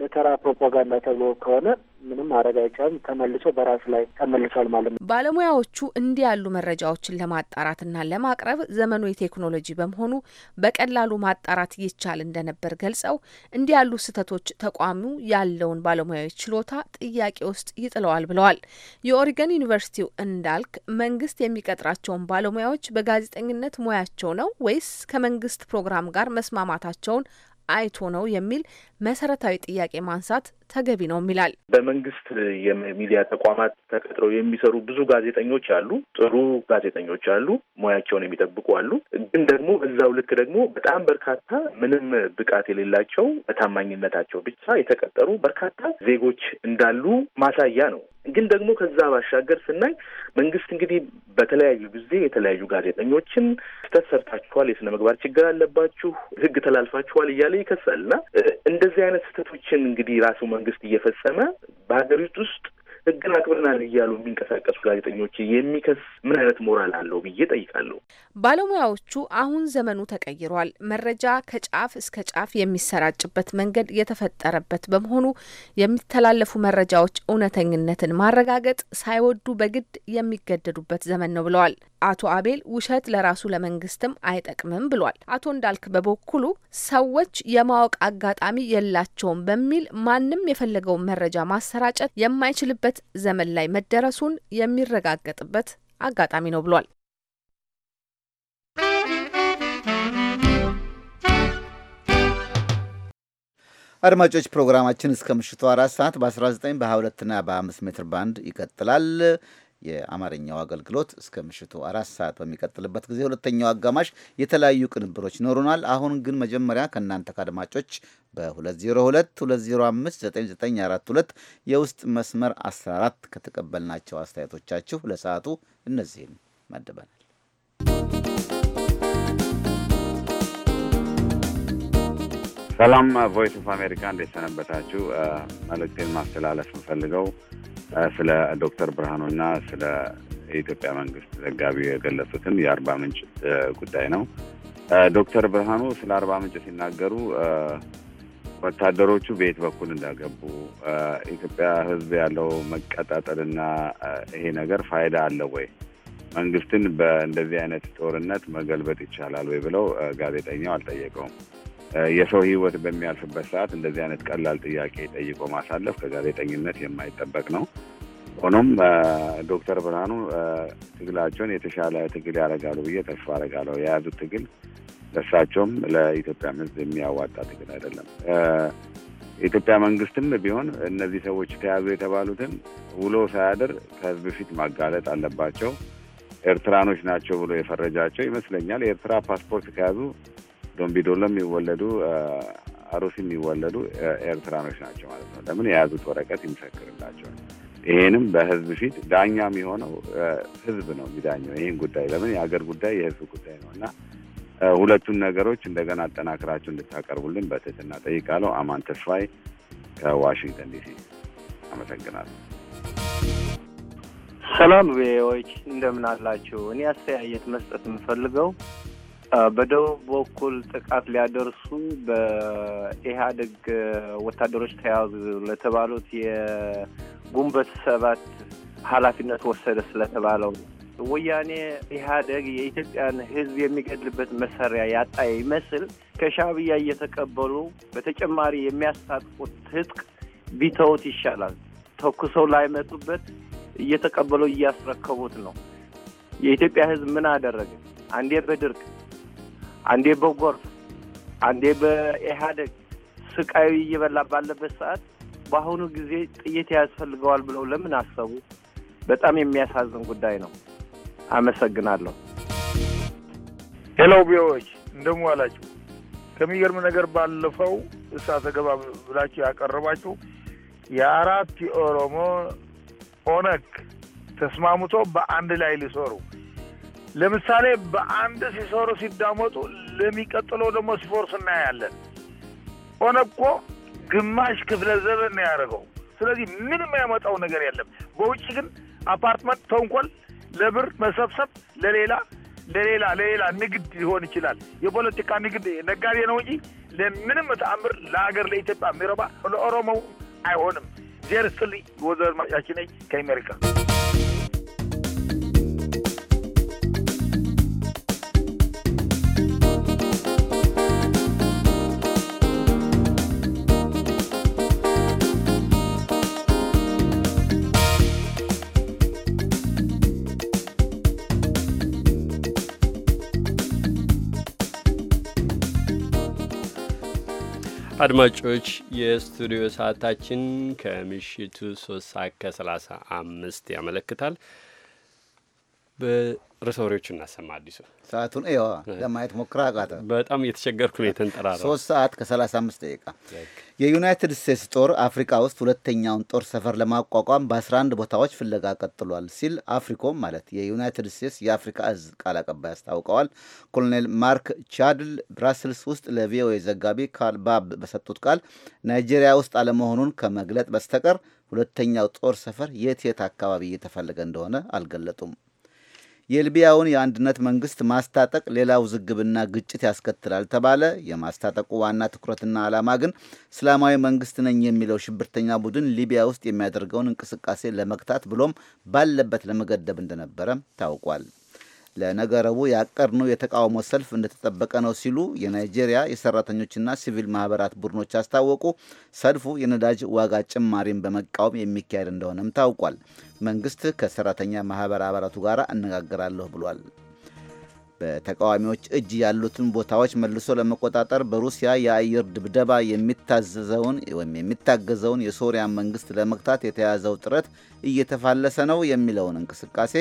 ለተራ ፕሮፓጋንዳ ተብሎ ከሆነ ምንም ማድረግ አይቻልም። ተመልሶ በራሱ ላይ ተመልሷል ማለት ነው። ባለሙያዎቹ እንዲህ ያሉ መረጃዎችን ለማጣራትና ለማቅረብ ዘመኑ የቴክኖሎጂ በመሆኑ በቀላሉ ማጣራት ይቻል እንደነበር ገልጸው እንዲህ ያሉ ስህተቶች ተቋሙ ያለውን ባለሙያዎች ችሎታ ጥያቄ ውስጥ ይጥለዋል ብለዋል። የኦሪገን ዩኒቨርሲቲው እንዳልክ መንግስት የሚቀጥራቸውን ባለሙያዎች በጋዜጠኝነት ሙያቸው ነው ወይስ ከመንግስት ፕሮግራም ጋር መስማማታቸውን አይቶ ነው የሚል መሰረታዊ ጥያቄ ማንሳት ተገቢ ነው ይላል። በመንግስት የሚዲያ ተቋማት ተቀጥረው የሚሰሩ ብዙ ጋዜጠኞች አሉ። ጥሩ ጋዜጠኞች አሉ፣ ሙያቸውን የሚጠብቁ አሉ። ግን ደግሞ በዛው ልክ ደግሞ በጣም በርካታ ምንም ብቃት የሌላቸው በታማኝነታቸው ብቻ የተቀጠሩ በርካታ ዜጎች እንዳሉ ማሳያ ነው። ግን ደግሞ ከዛ ባሻገር ስናይ መንግስት እንግዲህ በተለያዩ ጊዜ የተለያዩ ጋዜጠኞችን ስተት ሰርታችኋል፣ የስነ ምግባር ችግር አለባችሁ፣ ህግ ተላልፋችኋል እያለ ይከሳል እና እንደዚህ አይነት ስህተቶችን እንግዲህ ራሱ መንግስት እየፈጸመ በሀገሪቱ ውስጥ ህግን አክብረናል እያሉ የሚንቀሳቀሱ ጋዜጠኞች የሚከስ ምን አይነት ሞራል አለው ብዬ ጠይቃለሁ። ባለሙያዎቹ አሁን ዘመኑ ተቀይሯል፣ መረጃ ከጫፍ እስከ ጫፍ የሚሰራጭበት መንገድ የተፈጠረበት በመሆኑ የሚተላለፉ መረጃዎች እውነተኝነትን ማረጋገጥ ሳይወዱ በግድ የሚገደዱበት ዘመን ነው ብለዋል። አቶ አቤል ውሸት ለራሱ ለመንግስትም አይጠቅምም ብሏል። አቶ እንዳልክ በበኩሉ ሰዎች የማወቅ አጋጣሚ የላቸውም በሚል ማንም የፈለገውን መረጃ ማሰራጨት የማይችልበት ዘመን ላይ መደረሱን የሚረጋገጥበት አጋጣሚ ነው ብሏል። አድማጮች ፕሮግራማችን እስከ ምሽቱ አራት ሰዓት በ19 በ22ና በ 5 ሜትር ባንድ ይቀጥላል። የአማርኛው አገልግሎት እስከ ምሽቱ አራት ሰዓት በሚቀጥልበት ጊዜ ሁለተኛው አጋማሽ የተለያዩ ቅንብሮች ይኖሩናል። አሁን ግን መጀመሪያ ከእናንተ ከአድማጮች በ2022059942 የውስጥ መስመር 14 ከተቀበልናቸው አስተያየቶቻችሁ ለሰዓቱ እነዚህን መድበናል። ሰላም ቮይስ ኦፍ አሜሪካ እንደሰነበታችሁ። መልእክቴን ማስተላለፍ የምፈልገው ስለ ዶክተር ብርሃኑና ስለ የኢትዮጵያ መንግስት ዘጋቢ የገለጹትም የአርባ ምንጭ ጉዳይ ነው። ዶክተር ብርሃኑ ስለ አርባ ምንጭ ሲናገሩ ወታደሮቹ በየት በኩል እንዳገቡ ኢትዮጵያ ሕዝብ ያለው መቀጣጠልና ይሄ ነገር ፋይዳ አለው ወይ መንግስትን በእንደዚህ አይነት ጦርነት መገልበጥ ይቻላል ወይ ብለው ጋዜጠኛው አልጠየቀውም። የሰው ህይወት በሚያልፍበት ሰዓት እንደዚህ አይነት ቀላል ጥያቄ ጠይቆ ማሳለፍ ከጋዜጠኝነት የማይጠበቅ ነው። ሆኖም ዶክተር ብርሃኑ ትግላቸውን የተሻለ ትግል ያደርጋሉ ብዬ ተስፋ አደርጋለሁ። የያዙት ትግል ለእሳቸውም ለኢትዮጵያ ሕዝብ የሚያዋጣ ትግል አይደለም። የኢትዮጵያ መንግስትም ቢሆን እነዚህ ሰዎች ተያዙ የተባሉትን ውሎ ሳያድር ከህዝብ ፊት ማጋለጥ አለባቸው። ኤርትራኖች ናቸው ብሎ የፈረጃቸው ይመስለኛል። የኤርትራ ፓስፖርት ከያዙ ዶምቢዶሎ የሚወለዱ አሮሲ የሚወለዱ ኤርትራኖች ናቸው ማለት ነው። ለምን የያዙት ወረቀት ይመሰክርላቸዋል። ይህንም በህዝብ ፊት ዳኛ የሚሆነው ህዝብ ነው የሚዳኘው ይህን ጉዳይ። ለምን የሀገር ጉዳይ የህዝብ ጉዳይ ነው እና ሁለቱን ነገሮች እንደገና አጠናክራችሁ እንድታቀርቡልን በትህትና ጠይቃለሁ። አማን ተስፋይ ከዋሽንግተን ዲሲ አመሰግናለሁ። ሰላም ቪኦኤዎች እንደምን አላችሁ? እኔ አስተያየት መስጠት የምፈልገው በደቡብ በኩል ጥቃት ሊያደርሱ በኢህአዴግ ወታደሮች ተያዙ ለተባሉት የጉንበት ሰባት ኃላፊነት ወሰደ ስለተባለው ወያኔ ኢህአደግ የኢትዮጵያን ሕዝብ የሚገድልበት መሳሪያ ያጣ ይመስል ከሻዕቢያ እየተቀበሉ በተጨማሪ የሚያስታጥቁት ትጥቅ ቢተውት ይሻላል። ተኩሰው ላይመጡበት እየተቀበሉ እያስረከቡት ነው። የኢትዮጵያ ሕዝብ ምን አደረገ? አንዴ በድርቅ አንዴ በጎርፍ አንዴ በኢህአደግ ስቃዩ እየበላ ባለበት ሰዓት በአሁኑ ጊዜ ጥይት ያስፈልገዋል ብለው ለምን አሰቡ? በጣም የሚያሳዝን ጉዳይ ነው። አመሰግናለሁ። ሄሎ ቢዎች እንደምን ዋላችሁ? ከሚገርም ነገር ባለፈው እሳተ ገባ ብላችሁ ያቀረባችሁ የአራት የኦሮሞ ኦነግ ተስማምቶ በአንድ ላይ ሊሰሩ ለምሳሌ በአንድ ሲሰሩ ሲዳመጡ ለሚቀጥለው ደግሞ ሲፎርስ እናያለን። ኦነግ እኮ ግማሽ ክፍለ ዘመን ነው ያደረገው። ስለዚህ ምንም ያመጣው ነገር የለም። በውጭ ግን አፓርትመንት፣ ተንኮል፣ ለብር መሰብሰብ፣ ለሌላ ለሌላ ለሌላ ንግድ ሊሆን ይችላል። የፖለቲካ ንግድ ነጋዴ ነው እንጂ ለምንም ተአምር ለሀገር ለኢትዮጵያ የሚረባ ለኦሮሞው አይሆንም። ዜር ስትል ወዘር ማቻችን ከአሜሪካ አድማጮች የስቱዲዮ ሰዓታችን ከምሽቱ 3 ሰዓት ያመለክታል። በርዕሰ ወሬዎቹ እናሰማ። አዲሱ ሰዓቱን ለማየት ሞክራ አቃተ። በጣም እየተቸገርኩ ነው። የተንጠራራ ሶስት ሰዓት ከሰላሳ ደቂቃ የዩናይትድ ስቴትስ ጦር አፍሪካ ውስጥ ሁለተኛውን ጦር ሰፈር ለማቋቋም በ11 ቦታዎች ፍለጋ ቀጥሏል ሲል አፍሪኮም ማለት የዩናይትድ ስቴትስ የአፍሪካ እዝ ቃል አቀባይ አስታውቀዋል። ኮሎኔል ማርክ ቻድል ብራስልስ ውስጥ ለቪኦኤ ዘጋቢ ካል ባብ በሰጡት ቃል ናይጄሪያ ውስጥ አለመሆኑን ከመግለጥ በስተቀር ሁለተኛው ጦር ሰፈር የት የት አካባቢ እየተፈለገ እንደሆነ አልገለጡም። የሊቢያውን የአንድነት መንግስት ማስታጠቅ ሌላ ውዝግብና ግጭት ያስከትላል ተባለ። የማስታጠቁ ዋና ትኩረትና ዓላማ ግን እስላማዊ መንግስት ነኝ የሚለው ሽብርተኛ ቡድን ሊቢያ ውስጥ የሚያደርገውን እንቅስቃሴ ለመግታት ብሎም ባለበት ለመገደብ እንደነበረ ታውቋል። ለነገረቡ ያቀድነው የተቃውሞ ሰልፍ እንደተጠበቀ ነው ሲሉ የናይጄሪያ የሰራተኞችና ሲቪል ማህበራት ቡድኖች አስታወቁ። ሰልፉ የነዳጅ ዋጋ ጭማሪን በመቃወም የሚካሄድ እንደሆነም ታውቋል። መንግስት ከሰራተኛ ማህበር አባላቱ ጋር እነጋገራለሁ ብሏል። በተቃዋሚዎች እጅ ያሉትን ቦታዎች መልሶ ለመቆጣጠር በሩሲያ የአየር ድብደባ የሚታዘዘውን ወይም የሚታገዘውን የሶሪያ መንግስት ለመግታት የተያዘው ጥረት እየተፋለሰ ነው የሚለውን እንቅስቃሴ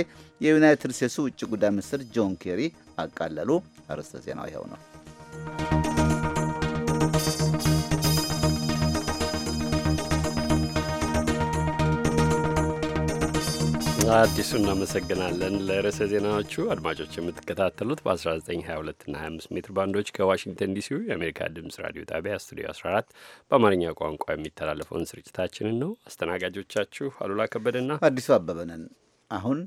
የዩናይትድ ስቴትሱ ውጭ ጉዳይ ሚኒስትር ጆን ኬሪ አቃለሉ። አርዕስተ ዜናው ይኸው ነው። አዲሱ እናመሰግናለን። ለርዕሰ ዜናዎቹ አድማጮች የምትከታተሉት በ1922 እና 25 ሜትር ባንዶች ከዋሽንግተን ዲሲው የአሜሪካ ድምፅ ራዲዮ ጣቢያ ስቱዲዮ 14 በአማርኛ ቋንቋ የሚተላለፈውን ስርጭታችንን ነው። አስተናጋጆቻችሁ አሉላ ከበደና አዲሱ አበበነን። አሁን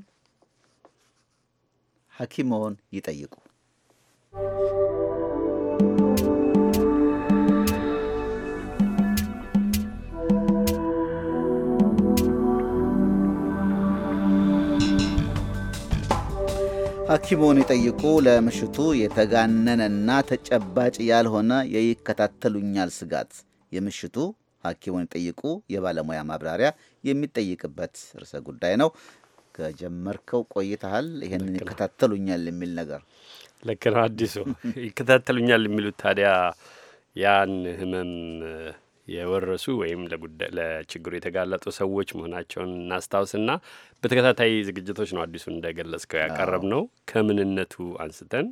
ሐኪሞን ይጠይቁ ሐኪሙን ይጠይቁ ለምሽቱ የተጋነነና ተጨባጭ ያልሆነ የይከታተሉኛል ስጋት የምሽቱ ሐኪሙን ይጠይቁ የባለሙያ ማብራሪያ የሚጠይቅበት ርዕሰ ጉዳይ ነው። ከጀመርከው ቆይተሃል። ይህንን ይከታተሉኛል የሚል ነገር ልክ ነው አዲሱ ይከታተሉኛል የሚሉት ታዲያ ያን ህመም የወረሱ ወይም ለችግሩ የተጋለጡ ሰዎች መሆናቸውን እናስታውስና በተከታታይ ዝግጅቶች ነው አዲሱ እንደገለጽከው ያቀረብ ነው። ከምንነቱ አንስተን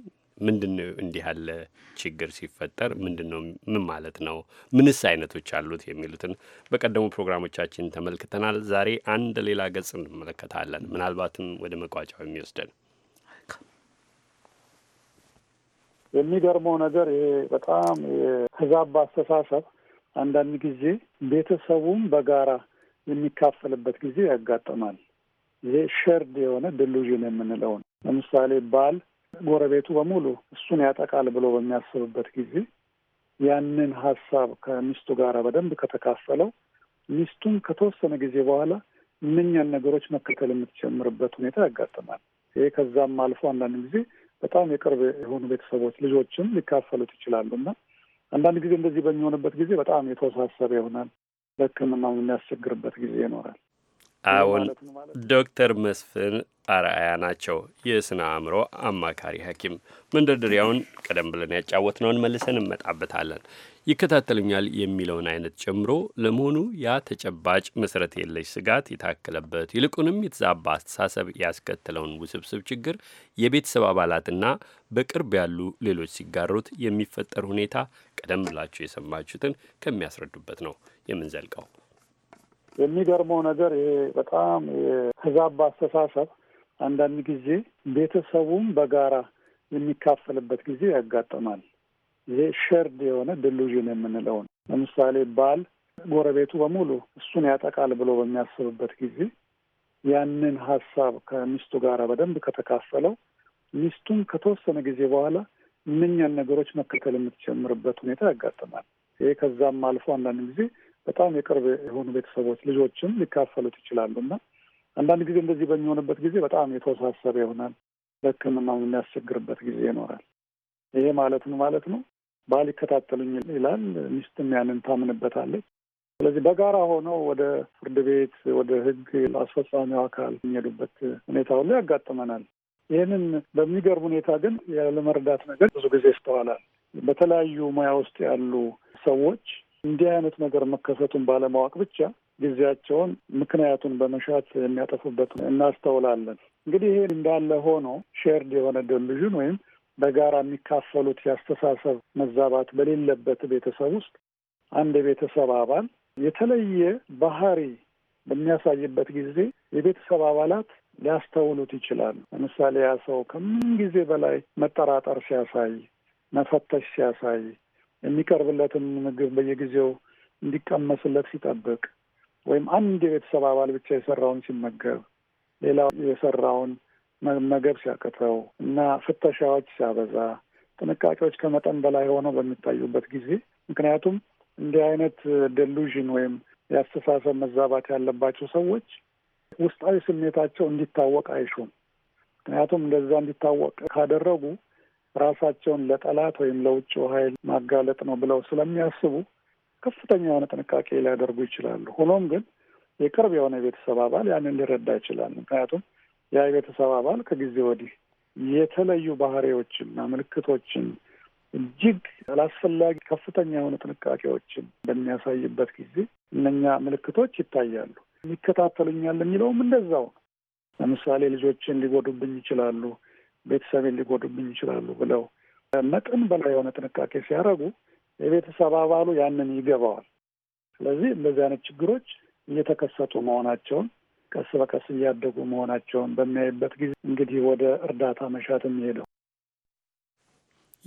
ምንድን ነው እንዲህ ያለ ችግር ሲፈጠር ምንድን ነው ምን ማለት ነው፣ ምንስ አይነቶች አሉት የሚሉትን በቀደሙ ፕሮግራሞቻችን ተመልክተናል። ዛሬ አንድ ሌላ ገጽ እንመለከታለን፣ ምናልባትም ወደ መቋጫው የሚወስደን የሚገርመው ነገር ይሄ በጣም የህዛብ አስተሳሰብ አንዳንድ ጊዜ ቤተሰቡም በጋራ የሚካፈልበት ጊዜ ያጋጥማል። ይሄ ሸርድ የሆነ ድሉዥን የምንለው ነው። ለምሳሌ ባል ጎረቤቱ በሙሉ እሱን ያጠቃል ብሎ በሚያስብበት ጊዜ ያንን ሀሳብ ከሚስቱ ጋር በደንብ ከተካፈለው ሚስቱን ከተወሰነ ጊዜ በኋላ እነኛን ነገሮች መከተል የምትጀምርበት ሁኔታ ያጋጥማል። ይሄ ከዛም አልፎ አንዳንድ ጊዜ በጣም የቅርብ የሆኑ ቤተሰቦች ልጆችም ሊካፈሉት ይችላሉ እና አንዳንድ ጊዜ እንደዚህ በሚሆንበት ጊዜ በጣም የተወሳሰበ ይሆናል። ለሕክምናው የሚያስቸግርበት ጊዜ ይኖራል። አቡን ዶክተር መስፍን አርአያ ናቸው የስነ አእምሮ አማካሪ ሐኪም። መንደርደሪያውን ቀደም ብለን ያጫወትነውን መልሰን እንመጣበታለን። ይከታተሉኛል የሚለውን አይነት ጨምሮ ለመሆኑ ያ ተጨባጭ መሰረት የለሽ ስጋት የታከለበት ይልቁንም የተዛባ አስተሳሰብ ያስከተለውን ውስብስብ ችግር የቤተሰብ አባላትና በቅርብ ያሉ ሌሎች ሲጋሩት የሚፈጠር ሁኔታ ቀደም ብላችሁ የሰማችሁትን ከሚያስረዱበት ነው የምንዘልቀው። የሚገርመው ነገር ይሄ በጣም የተዛባ አስተሳሰብ አንዳንድ ጊዜ ቤተሰቡም በጋራ የሚካፈልበት ጊዜ ያጋጥማል። ይሄ ሸርድ የሆነ ድሉዥን የምንለው ነው። ለምሳሌ ባል ጎረቤቱ በሙሉ እሱን ያጠቃል ብሎ በሚያስብበት ጊዜ ያንን ሀሳብ ከሚስቱ ጋር በደንብ ከተካፈለው ሚስቱም ከተወሰነ ጊዜ በኋላ እነኛን ነገሮች መከተል የምትጀምርበት ሁኔታ ያጋጥማል። ይሄ ከዛም አልፎ አንዳንድ ጊዜ በጣም የቅርብ የሆኑ ቤተሰቦች ልጆችም ሊካፈሉት ይችላሉ እና አንዳንድ ጊዜ እንደዚህ በሚሆንበት ጊዜ በጣም የተወሳሰበ ይሆናል። ለሕክምናው የሚያስቸግርበት ጊዜ ይኖራል። ይሄ ማለት ነው ማለት ነው ባል ይከታተሉኝ ይላል፣ ሚስትም ያንን ታምንበታለች። ስለዚህ በጋራ ሆነው ወደ ፍርድ ቤት ወደ ህግ አስፈጻሚው አካል የሚሄዱበት ሁኔታ ሁሉ ያጋጥመናል። ይህንን በሚገርም ሁኔታ ግን ያለመረዳት ነገር ብዙ ጊዜ ይስተዋላል። በተለያዩ ሙያ ውስጥ ያሉ ሰዎች እንዲህ አይነት ነገር መከሰቱን ባለማወቅ ብቻ ጊዜያቸውን ምክንያቱን በመሻት የሚያጠፉበት እናስተውላለን። እንግዲህ ይህ እንዳለ ሆኖ ሼርድ የሆነ ደልዥን ወይም በጋራ የሚካፈሉት የአስተሳሰብ መዛባት በሌለበት ቤተሰብ ውስጥ አንድ የቤተሰብ አባል የተለየ ባህሪ በሚያሳይበት ጊዜ የቤተሰብ አባላት ሊያስተውሉት ይችላሉ። ለምሳሌ ያ ሰው ከምን ጊዜ በላይ መጠራጠር ሲያሳይ፣ መፈተሽ ሲያሳይ፣ የሚቀርብለትን ምግብ በየጊዜው እንዲቀመስለት ሲጠብቅ ወይም አንድ የቤተሰብ አባል ብቻ የሰራውን ሲመገብ ሌላ የሰራውን መመገብ ሲያቅተው እና ፍተሻዎች ሲያበዛ ጥንቃቄዎች ከመጠን በላይ ሆነው በሚታዩበት ጊዜ ምክንያቱም እንዲህ አይነት ደሉዥን ወይም የአስተሳሰብ መዛባት ያለባቸው ሰዎች ውስጣዊ ስሜታቸው እንዲታወቅ አይሹም። ምክንያቱም እንደዛ እንዲታወቅ ካደረጉ ራሳቸውን ለጠላት ወይም ለውጭ ኃይል ማጋለጥ ነው ብለው ስለሚያስቡ ከፍተኛ የሆነ ጥንቃቄ ሊያደርጉ ይችላሉ። ሆኖም ግን የቅርብ የሆነ የቤተሰብ አባል ያንን ሊረዳ ይችላል። ምክንያቱም ያ የቤተሰብ አባል ከጊዜ ወዲህ የተለዩ ባህሪዎችንና ምልክቶችን እጅግ አላስፈላጊ ከፍተኛ የሆኑ ጥንቃቄዎችን በሚያሳይበት ጊዜ እነኛ ምልክቶች ይታያሉ። ይከታተሉኛል የሚለውም እንደዛው ነው። ለምሳሌ ልጆችን ሊጎዱብኝ ይችላሉ፣ ቤተሰብን ሊጎዱብኝ ይችላሉ ብለው መጠን በላይ የሆነ ጥንቃቄ ሲያደርጉ የቤተሰብ አባሉ ያንን ይገባዋል። ስለዚህ እንደዚህ አይነት ችግሮች እየተከሰቱ መሆናቸውን ቀስ በቀስ እያደጉ መሆናቸውን በሚያይበት ጊዜ እንግዲህ ወደ እርዳታ መሻት የሚሄደው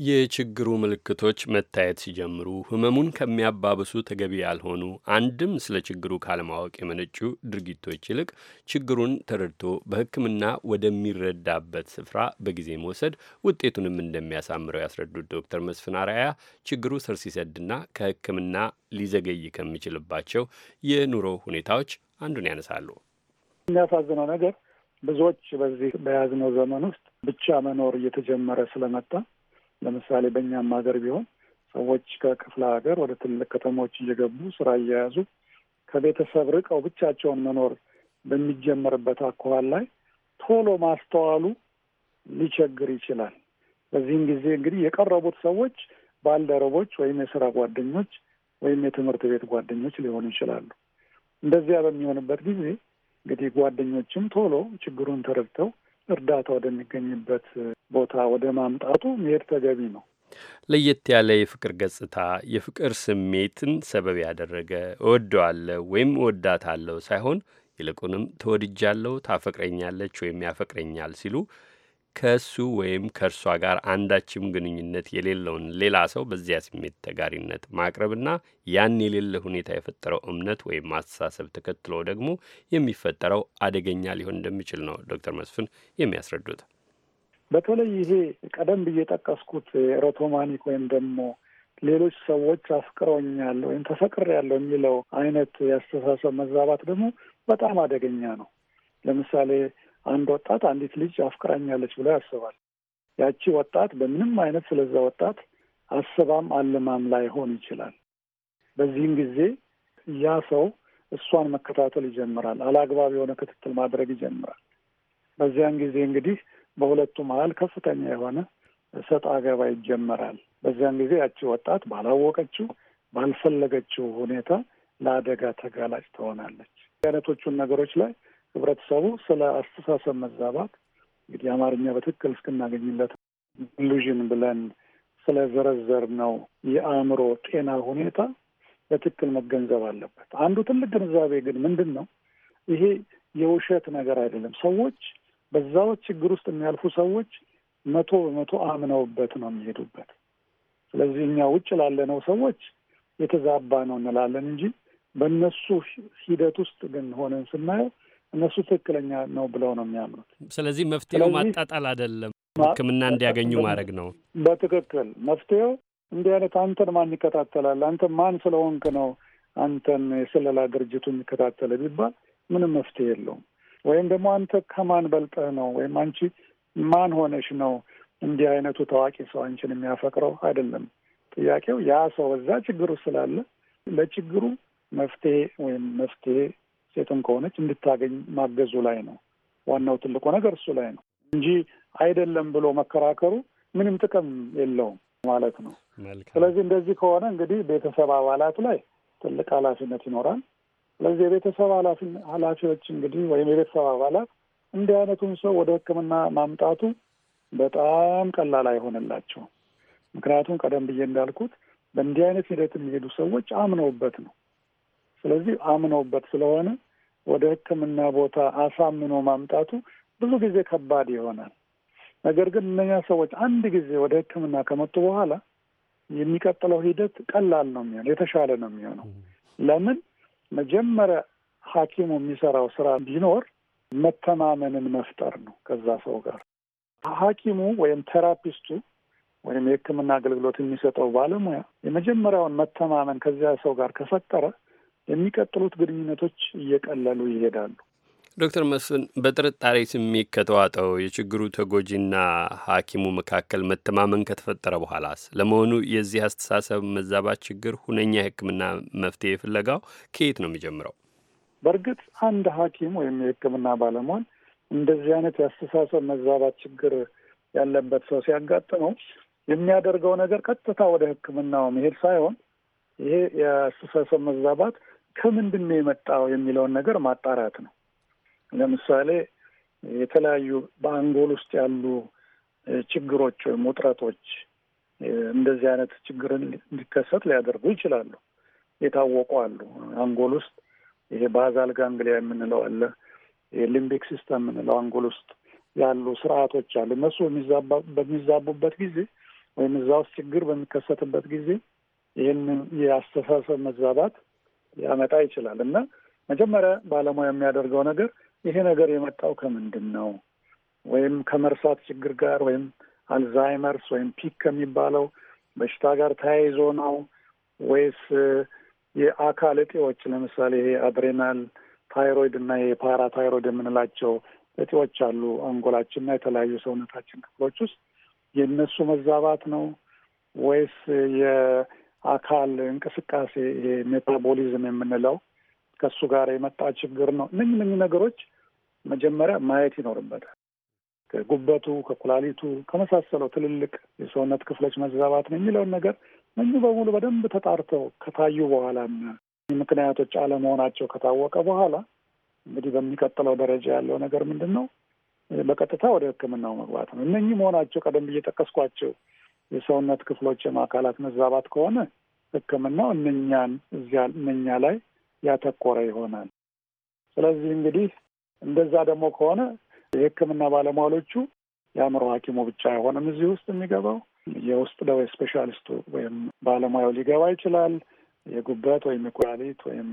የችግሩ ምልክቶች መታየት ሲጀምሩ ህመሙን ከሚያባብሱ ተገቢ ያልሆኑ አንድም ስለ ችግሩ ካለማወቅ የመነጩ ድርጊቶች ይልቅ ችግሩን ተረድቶ በሕክምና ወደሚረዳበት ስፍራ በጊዜ መውሰድ ውጤቱንም እንደሚያሳምረው ያስረዱት ዶክተር መስፍን አርአያ ችግሩ ስር ሲሰድና ከሕክምና ሊዘገይ ከሚችልባቸው የኑሮ ሁኔታዎች አንዱን ያነሳሉ። የሚያሳዝነው ነገር ብዙዎች በዚህ በያዝነው ዘመን ውስጥ ብቻ መኖር እየተጀመረ ስለመጣ ለምሳሌ በእኛም ሀገር ቢሆን ሰዎች ከክፍለ ሀገር ወደ ትልቅ ከተሞች እየገቡ ስራ እየያዙ ከቤተሰብ ርቀው ብቻቸውን መኖር በሚጀመርበት አኳኋን ላይ ቶሎ ማስተዋሉ ሊቸግር ይችላል። በዚህም ጊዜ እንግዲህ የቀረቡት ሰዎች ባልደረቦች ወይም የስራ ጓደኞች ወይም የትምህርት ቤት ጓደኞች ሊሆኑ ይችላሉ። እንደዚያ በሚሆንበት ጊዜ እንግዲህ ጓደኞችም ቶሎ ችግሩን ተረድተው እርዳታ ወደሚገኝበት ቦታ ወደ ማምጣቱ መሄድ ተገቢ ነው። ለየት ያለ የፍቅር ገጽታ የፍቅር ስሜትን ሰበብ ያደረገ እወደዋለሁ ወይም እወዳታለሁ ሳይሆን ይልቁንም ተወድጃለሁ፣ ታፈቅረኛለች ወይም ያፈቅረኛል ሲሉ ከእሱ ወይም ከእርሷ ጋር አንዳችም ግንኙነት የሌለውን ሌላ ሰው በዚያ ስሜት ተጋሪነት ማቅረብና ያን የሌለ ሁኔታ የፈጠረው እምነት ወይም አስተሳሰብ ተከትሎ ደግሞ የሚፈጠረው አደገኛ ሊሆን እንደሚችል ነው ዶክተር መስፍን የሚያስረዱት። በተለይ ይሄ ቀደም ብዬ ጠቀስኩት ኤሮቶማኒክ ወይም ደግሞ ሌሎች ሰዎች አፍቅረውኛል ወይም ተፈቅሬያለሁ የሚለው አይነት የአስተሳሰብ መዛባት ደግሞ በጣም አደገኛ ነው። ለምሳሌ አንድ ወጣት አንዲት ልጅ አፍቅራኛለች ብሎ ያስባል። ያቺ ወጣት በምንም አይነት ስለዛ ወጣት አስባም አልማም ላይሆን ይችላል። በዚህም ጊዜ ያ ሰው እሷን መከታተል ይጀምራል። አላግባብ የሆነ ክትትል ማድረግ ይጀምራል። በዚያን ጊዜ እንግዲህ በሁለቱ መሀል ከፍተኛ የሆነ እሰጥ አገባ ይጀመራል። በዚያን ጊዜ ያቺ ወጣት ባላወቀችው ባልፈለገችው ሁኔታ ለአደጋ ተጋላጭ ትሆናለች። አይነቶቹን ነገሮች ላይ ህብረተሰቡ ስለ አስተሳሰብ መዛባት እንግዲህ አማርኛ በትክክል እስክናገኝለት ኢሉዥን ብለን ስለ ዘረዘር ነው የአእምሮ ጤና ሁኔታ በትክክል መገንዘብ አለበት። አንዱ ትልቅ ግንዛቤ ግን ምንድን ነው ይሄ የውሸት ነገር አይደለም። ሰዎች በዛዎች ችግር ውስጥ የሚያልፉ ሰዎች መቶ በመቶ አምነውበት ነው የሚሄዱበት። ስለዚህ እኛ ውጭ ላለነው ሰዎች የተዛባ ነው እንላለን እንጂ በእነሱ ሂደት ውስጥ ግን ሆነን ስናየው እነሱ ትክክለኛ ነው ብለው ነው የሚያምኑት። ስለዚህ መፍትሄው ማጣጣል አይደለም፣ ሕክምና እንዲያገኙ ማድረግ ነው። በትክክል መፍትሄው እንዲህ አይነት አንተን ማን ይከታተላል? አንተ ማን ስለሆንክ ነው አንተን የስለላ ድርጅቱ የሚከታተል ቢባል ምንም መፍትሄ የለውም። ወይም ደግሞ አንተ ከማን በልጠህ ነው ወይም አንቺ ማን ሆነሽ ነው እንዲህ አይነቱ ታዋቂ ሰው አንቺን የሚያፈቅረው አይደለም። ጥያቄው ያ ሰው በዛ ችግሩ ስላለ ለችግሩ መፍትሄ ወይም መፍትሄ ሴትም ከሆነች እንድታገኝ ማገዙ ላይ ነው። ዋናው ትልቁ ነገር እሱ ላይ ነው እንጂ አይደለም ብሎ መከራከሩ ምንም ጥቅም የለውም ማለት ነው። ስለዚህ እንደዚህ ከሆነ እንግዲህ ቤተሰብ አባላት ላይ ትልቅ ኃላፊነት ይኖራል። ስለዚህ የቤተሰብ ኃላፊዎች እንግዲህ ወይም የቤተሰብ አባላት እንዲህ አይነቱን ሰው ወደ ሕክምና ማምጣቱ በጣም ቀላል አይሆንላቸውም። ምክንያቱም ቀደም ብዬ እንዳልኩት በእንዲህ አይነት ሂደት የሚሄዱ ሰዎች አምነውበት ነው። ስለዚህ አምነውበት ስለሆነ ወደ ሕክምና ቦታ አሳምኖ ማምጣቱ ብዙ ጊዜ ከባድ ይሆናል። ነገር ግን እነኛ ሰዎች አንድ ጊዜ ወደ ሕክምና ከመጡ በኋላ የሚቀጥለው ሂደት ቀላል ነው የሚሆነው፣ የተሻለ ነው የሚሆነው። ለምን መጀመሪያ ሐኪሙ የሚሰራው ስራ ቢኖር መተማመንን መፍጠር ነው ከዛ ሰው ጋር። ሐኪሙ ወይም ቴራፒስቱ ወይም የህክምና አገልግሎት የሚሰጠው ባለሙያ የመጀመሪያውን መተማመን ከዚያ ሰው ጋር ከፈጠረ የሚቀጥሉት ግንኙነቶች እየቀለሉ ይሄዳሉ። ዶክተር መስፍን በጥርጣሬ ስሜት ከተዋጠው የችግሩ ተጎጂና ሐኪሙ መካከል መተማመን ከተፈጠረ በኋላስ ለመሆኑ የዚህ አስተሳሰብ መዛባት ችግር ሁነኛ የሕክምና መፍትሄ ፍለጋው ከየት ነው የሚጀምረው? በእርግጥ አንድ ሐኪም ወይም የሕክምና ባለሙያ እንደዚህ አይነት የአስተሳሰብ መዛባት ችግር ያለበት ሰው ሲያጋጥመው የሚያደርገው ነገር ቀጥታ ወደ ሕክምናው መሄድ ሳይሆን ይሄ የአስተሳሰብ መዛባት ከምንድን ነው የመጣው የሚለውን ነገር ማጣራት ነው። ለምሳሌ የተለያዩ በአንጎል ውስጥ ያሉ ችግሮች ወይም ውጥረቶች እንደዚህ አይነት ችግርን እንዲከሰት ሊያደርጉ ይችላሉ። የታወቁ አሉ። አንጎል ውስጥ ይሄ ባዛል ጋንግሊያ የምንለው አለ። የሊምቢክ ሲስተም የምንለው አንጎል ውስጥ ያሉ ስርዓቶች አሉ። እነሱ በሚዛቡበት ጊዜ ወይም እዛ ውስጥ ችግር በሚከሰትበት ጊዜ ይህንን የአስተሳሰብ መዛባት ሊያመጣ ይችላል እና መጀመሪያ ባለሙያ የሚያደርገው ነገር ይሄ ነገር የመጣው ከምንድን ነው ወይም ከመርሳት ችግር ጋር ወይም አልዛይመርስ ወይም ፒክ ከሚባለው በሽታ ጋር ተያይዞ ነው ወይስ የአካል እጤዎች ለምሳሌ ይሄ አድሬናል ታይሮይድ እና ታይሮይድ የምንላቸው እጤዎች አሉ አንጎላችን እና የተለያዩ ሰውነታችን ክፍሎች ውስጥ የእነሱ መዛባት ነው ወይስ አካል እንቅስቃሴ ይሄ ሜታቦሊዝም የምንለው ከሱ ጋር የመጣ ችግር ነው። እነኝ እነኝ ነገሮች መጀመሪያ ማየት ይኖርበታል። ከጉበቱ፣ ከኩላሊቱ፣ ከመሳሰለው ትልልቅ የሰውነት ክፍሎች መዛባት ነው የሚለውን ነገር እነኙ በሙሉ በደንብ ተጣርተው ከታዩ በኋላና ምክንያቶች አለመሆናቸው ከታወቀ በኋላ እንግዲህ በሚቀጥለው ደረጃ ያለው ነገር ምንድን ነው? በቀጥታ ወደ ሕክምናው መግባት ነው። እነኚህ መሆናቸው ቀደም ብዬ ጠቀስኳቸው የሰውነት ክፍሎች የማካላት መዛባት ከሆነ ሕክምናው እነኛን እዚያ እነኛ ላይ ያተኮረ ይሆናል። ስለዚህ እንግዲህ እንደዛ ደግሞ ከሆነ የሕክምና ባለሟሎቹ የአእምሮ ሐኪሙ ብቻ አይሆንም እዚህ ውስጥ የሚገባው የውስጥ ደዌ ስፔሻሊስቱ ወይም ባለሙያው ሊገባ ይችላል። የጉበት ወይም የኩላሊት ወይም